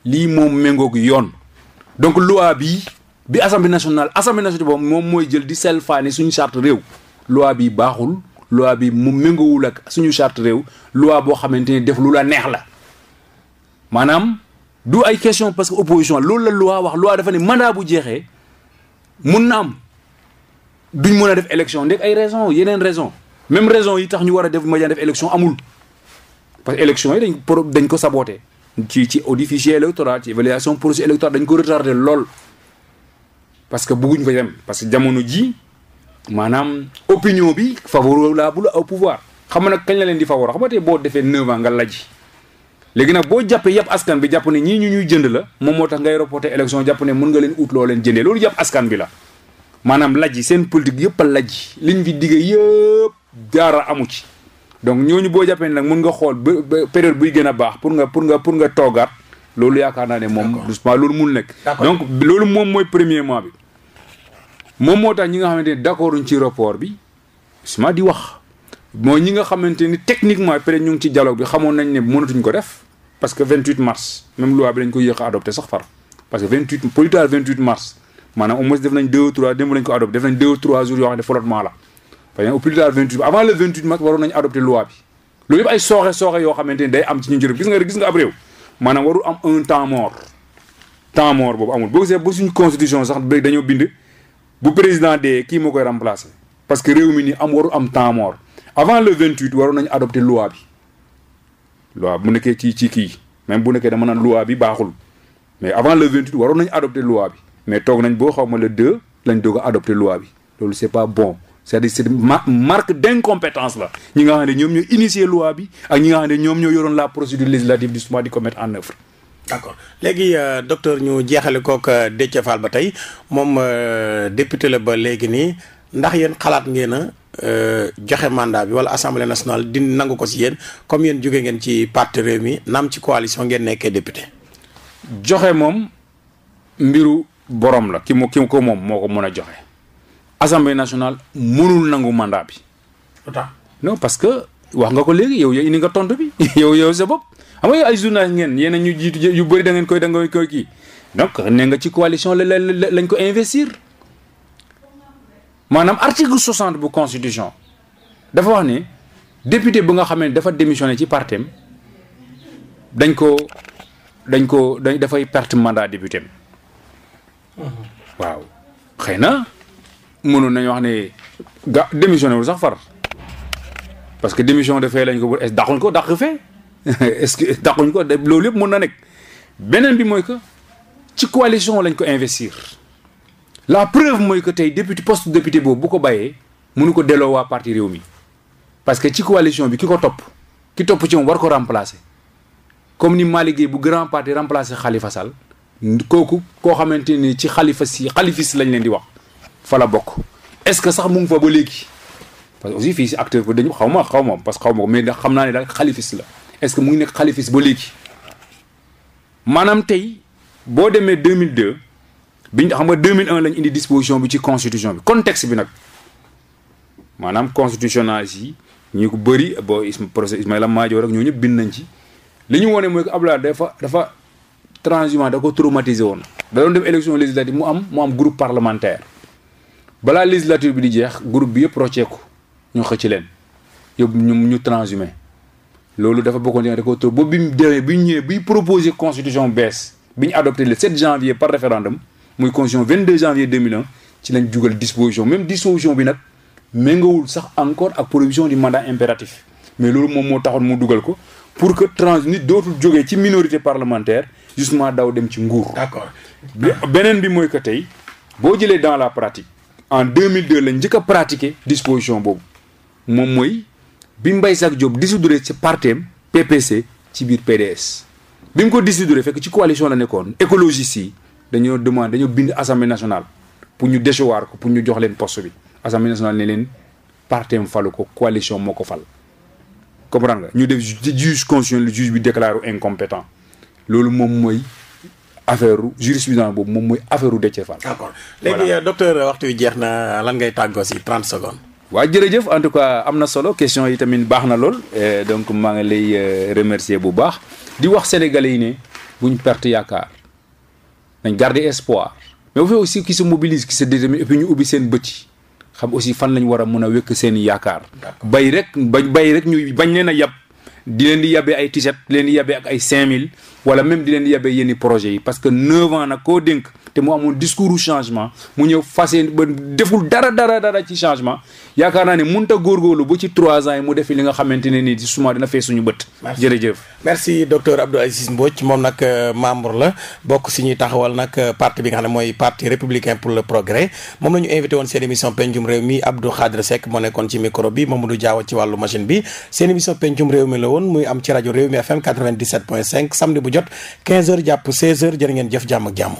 lii moom méngoog yoon donc loi bi bi assemblée nationale assemblée moom mooy jël di selfaane suñu charte réew loi bi baaxul loi bi mu méngawul ak suñu charte réew loi boo xamante ni def lu la neex la maanaam du ay question parce que opposition loolu la loi wax loi dafa ne mandat bu jeexee mun na am duñ mën a def élection ndek ay raison yeneen raison même raison yi tax ñu war a def Madiane def élection amul parce que élection yi dañ pro dañ ko saboté ci ci audit fichier électoral ci évaluation processus électoral dañ ko retardé lool parce que bëgguñ ko dem parce que jamono ji maanaam opinion bi favorable au pouvoir xam nga nag kañ la leen di favorable xam nga boo defee 9 ans nga laj léegi nag boo jàppee yàpp askan bi jàpp ne ñii ñu ñuy jënd la moom moo tax ngay reporter élection jàpp ne mun nga leen ut loo leen jëndee loolu yàpp askan bi la maanaam lajj seen politique yëpp a lajj liñ fi digge yëpp dara amu ci donc ñooñu boo jàppee nag mun nga xool ba période buy gën a baax pour nga pour nga pour nga toogaat loolu yaakaar naa ne moom doucement loolu mun nekk donc loolu moom mooy premièrement bi moom moo tax ñi nga xamante ni d'accorduñ ci rapport bi suma di wax moo ñi nga xamante ni techniquement peut-être ngi ci dialogue bi xamoon nañ ne mënatuñ ko def parce que 28 mars même loi bi dañ ko yéex a adopté sax far parce que 28 plus tard 28 mars maanaam au moins def nañ 2 ou 3 démb loolu yëpp ay sooxe sooxe yoo xamante day am ci ñu jërëm gis nga gis nga ab réew maanaam warul am un temps mort temps mort boobu amul boo gisee ba suñu constitution sax bëgg dañoo bind bu président dee kii moo koy remplacer parce que réew mi nii am warul am temps mort avant le 28 waroon nañ adopté lu bi. loi bu nekkee ci ci kii même bu nekkee dama naan loi bi baaxul mais avant le 28 waroon nañ adopté loi bi mais toog nañ boo xaw ma le 2 lañ doog a adopté bi loolu c'est pas bon c'est-à-dire c'est marque d'incompétence la ñi nga xam ne ñoom ñoo initier loi bi ak ñi nga xam ne ñoom ñoo yoroon la procédure législative justement di ko mettre en œuvre d'accord léegi euh, docteur ñu jeexale kook euh, Déthié Fall ba tey moom euh, député la ba léegi nii ndax yéen xalaat ngeen a Euh, joxe mandat bi wala assemblée nationale di nangu ko si yéen comme yéen jóge ngeen ci parti réew mi naam ci coalition ngeen nekkee député. joxe moom mbiru borom la ki mu ki ko moom moo ko mën a joxe. assemblée nationale mënul nangu mandat bi. no parce que wax nga ko léegi yow yaa indi nga tontu bi yow yow sa bopp xam nga ay journal ngeen yéen ñu jiitu yu bari dangeen koy da ngeen koy kii donc ne nga ci coalition la lañ ko investir. maanaam article soixante bu constitution dafa wax ne député bu nga xam ne dafa démissionné ci partem dañ ko dañ ko dañ dafay perte mandat député uh-huh. waaw xëy na mënoon nañu wax ne ga démissionné wul sax far parce que démission de fait lañ ko bu est dàquñ ko dàq fee est-ce que ko loolu yëpp mën na nekk beneen bi mooy que ci coalition lañ ko investir la preuve mooy que tey député poste député boobu bu ko bàyyee mënu ko delloo waa parti réew mi parce que ci coalition bi ki ko topp ki topp ci moom war ko remplacer comme ni Malick Gueye bu grand parti remplacer Khalifa Sall kooku koo xamante ni ci xalifa si xalifis lañ leen di wax fa la bokk est-ce que sax mu ngi fa ba léegi parce que aussi fii si acteur bi dañu xaw ma xaw ma parce que xaw ma ko mais ndax xam naa ne daal xalifis la est-ce que mu ngi nekk xalifis tey boo demee 2002 biñ xam nga 2001 lañ indi disposition bi ci constitution bi contexte bi nag maanaam constitutionnalistes yi ñu ko bëri bo procès Ismaïla Madior rek ñoo ñëpp bind nañ ci li ñu wone mooy que Abdoulaye dafa dafa transhumant da ko traumatisé woon da doon dem élection législative mu am mu am parlementaire balaa législature bi di jeex groupe bi yëpp rocceeku ñu xëcc leen yóbbu ñu ñu transhumé loolu dafa bokkoon da ko trop ba bi mu demee bi ñëwee bi proposé constitution bees bi ñu adopté le 7 janvier par référendum muy constitution 22 janvier 2001 ci lañ jugal disposition même disposition bi nag méngawul sax encore ak prohibition du mandat impératif mais loolu moom moo taxoon mu dugal ko pour que trans nit dootul jógee ci minorité parlementaire justement daw dem ci nguur. d'accord beneen bi mooy que tey boo jëlee dans la pratique en 2002 lañ njëkk a pratiquer disposition boobu moom mooy bi Mbaye Sakh Diop dissoudre ci partem PPC ci biir PDS bi mu ko dissoudre fekk ci coalition la nekkoon écologiste yi. dañoo demandé dañoo bind assemblée nationale pour ñu déchoir ko pour ñu jox leen poste bi assemblée nationale ne leen partem falu ko coalition moo ko fal comprendre nga ñu def juge constitutionnel juge bi déclaré incompétent loolu moom mooy affaire jurisprudence boobu moom mooy affaire u Déthié Fall. d'accord léegi euh, docteur waxtu wi jeex na lan ngay tàggoo si 30 secondes. waaw jërëjëf en tout cas am na solo question yi tamit baax na lool donc maa ngi lay euh, remercier bu baax di wax sénégalais yi ne buñ perte yaakaar. nañ garder espoir mais bu fekkee aussi qui se mobilise qui se détermine et ñu ubbi seen bët yi xam aussi fan lañ war a mën a wekk seen yaakaar. bay rek bañ bay rek ñu bañ leen a yab di leen di yabee ay tiset di leen di yabee ak ay 5000. wala même di leen yebee yenni projet yi parce que neuf ans nag koo dénk te mu amoon discours changement mu ñëw fase ba deful dara dara dara ci changement yaakaar naa ne mënut a góorgóorlu bu ci trois ans yi mu defi li nga xamante ne nii suma dina fee suñu bët jërëjëf merci docteur Abdou Aziz Mbodj moom nag euh, membre la bokk si ñuy taxawal nag euh, parti bi nga xam mooy parti républicain pour le progrès moom la ñu invité woon seen émission pencum réew mi Abdou Khadre Seck moo nekkoon ci micro bi Mamadou Diaw ci wàllu machine bi seen émission pencum réew mi la jot 15 heures jàpp 16 heures jërë ngeen jëf jàmm jàmm.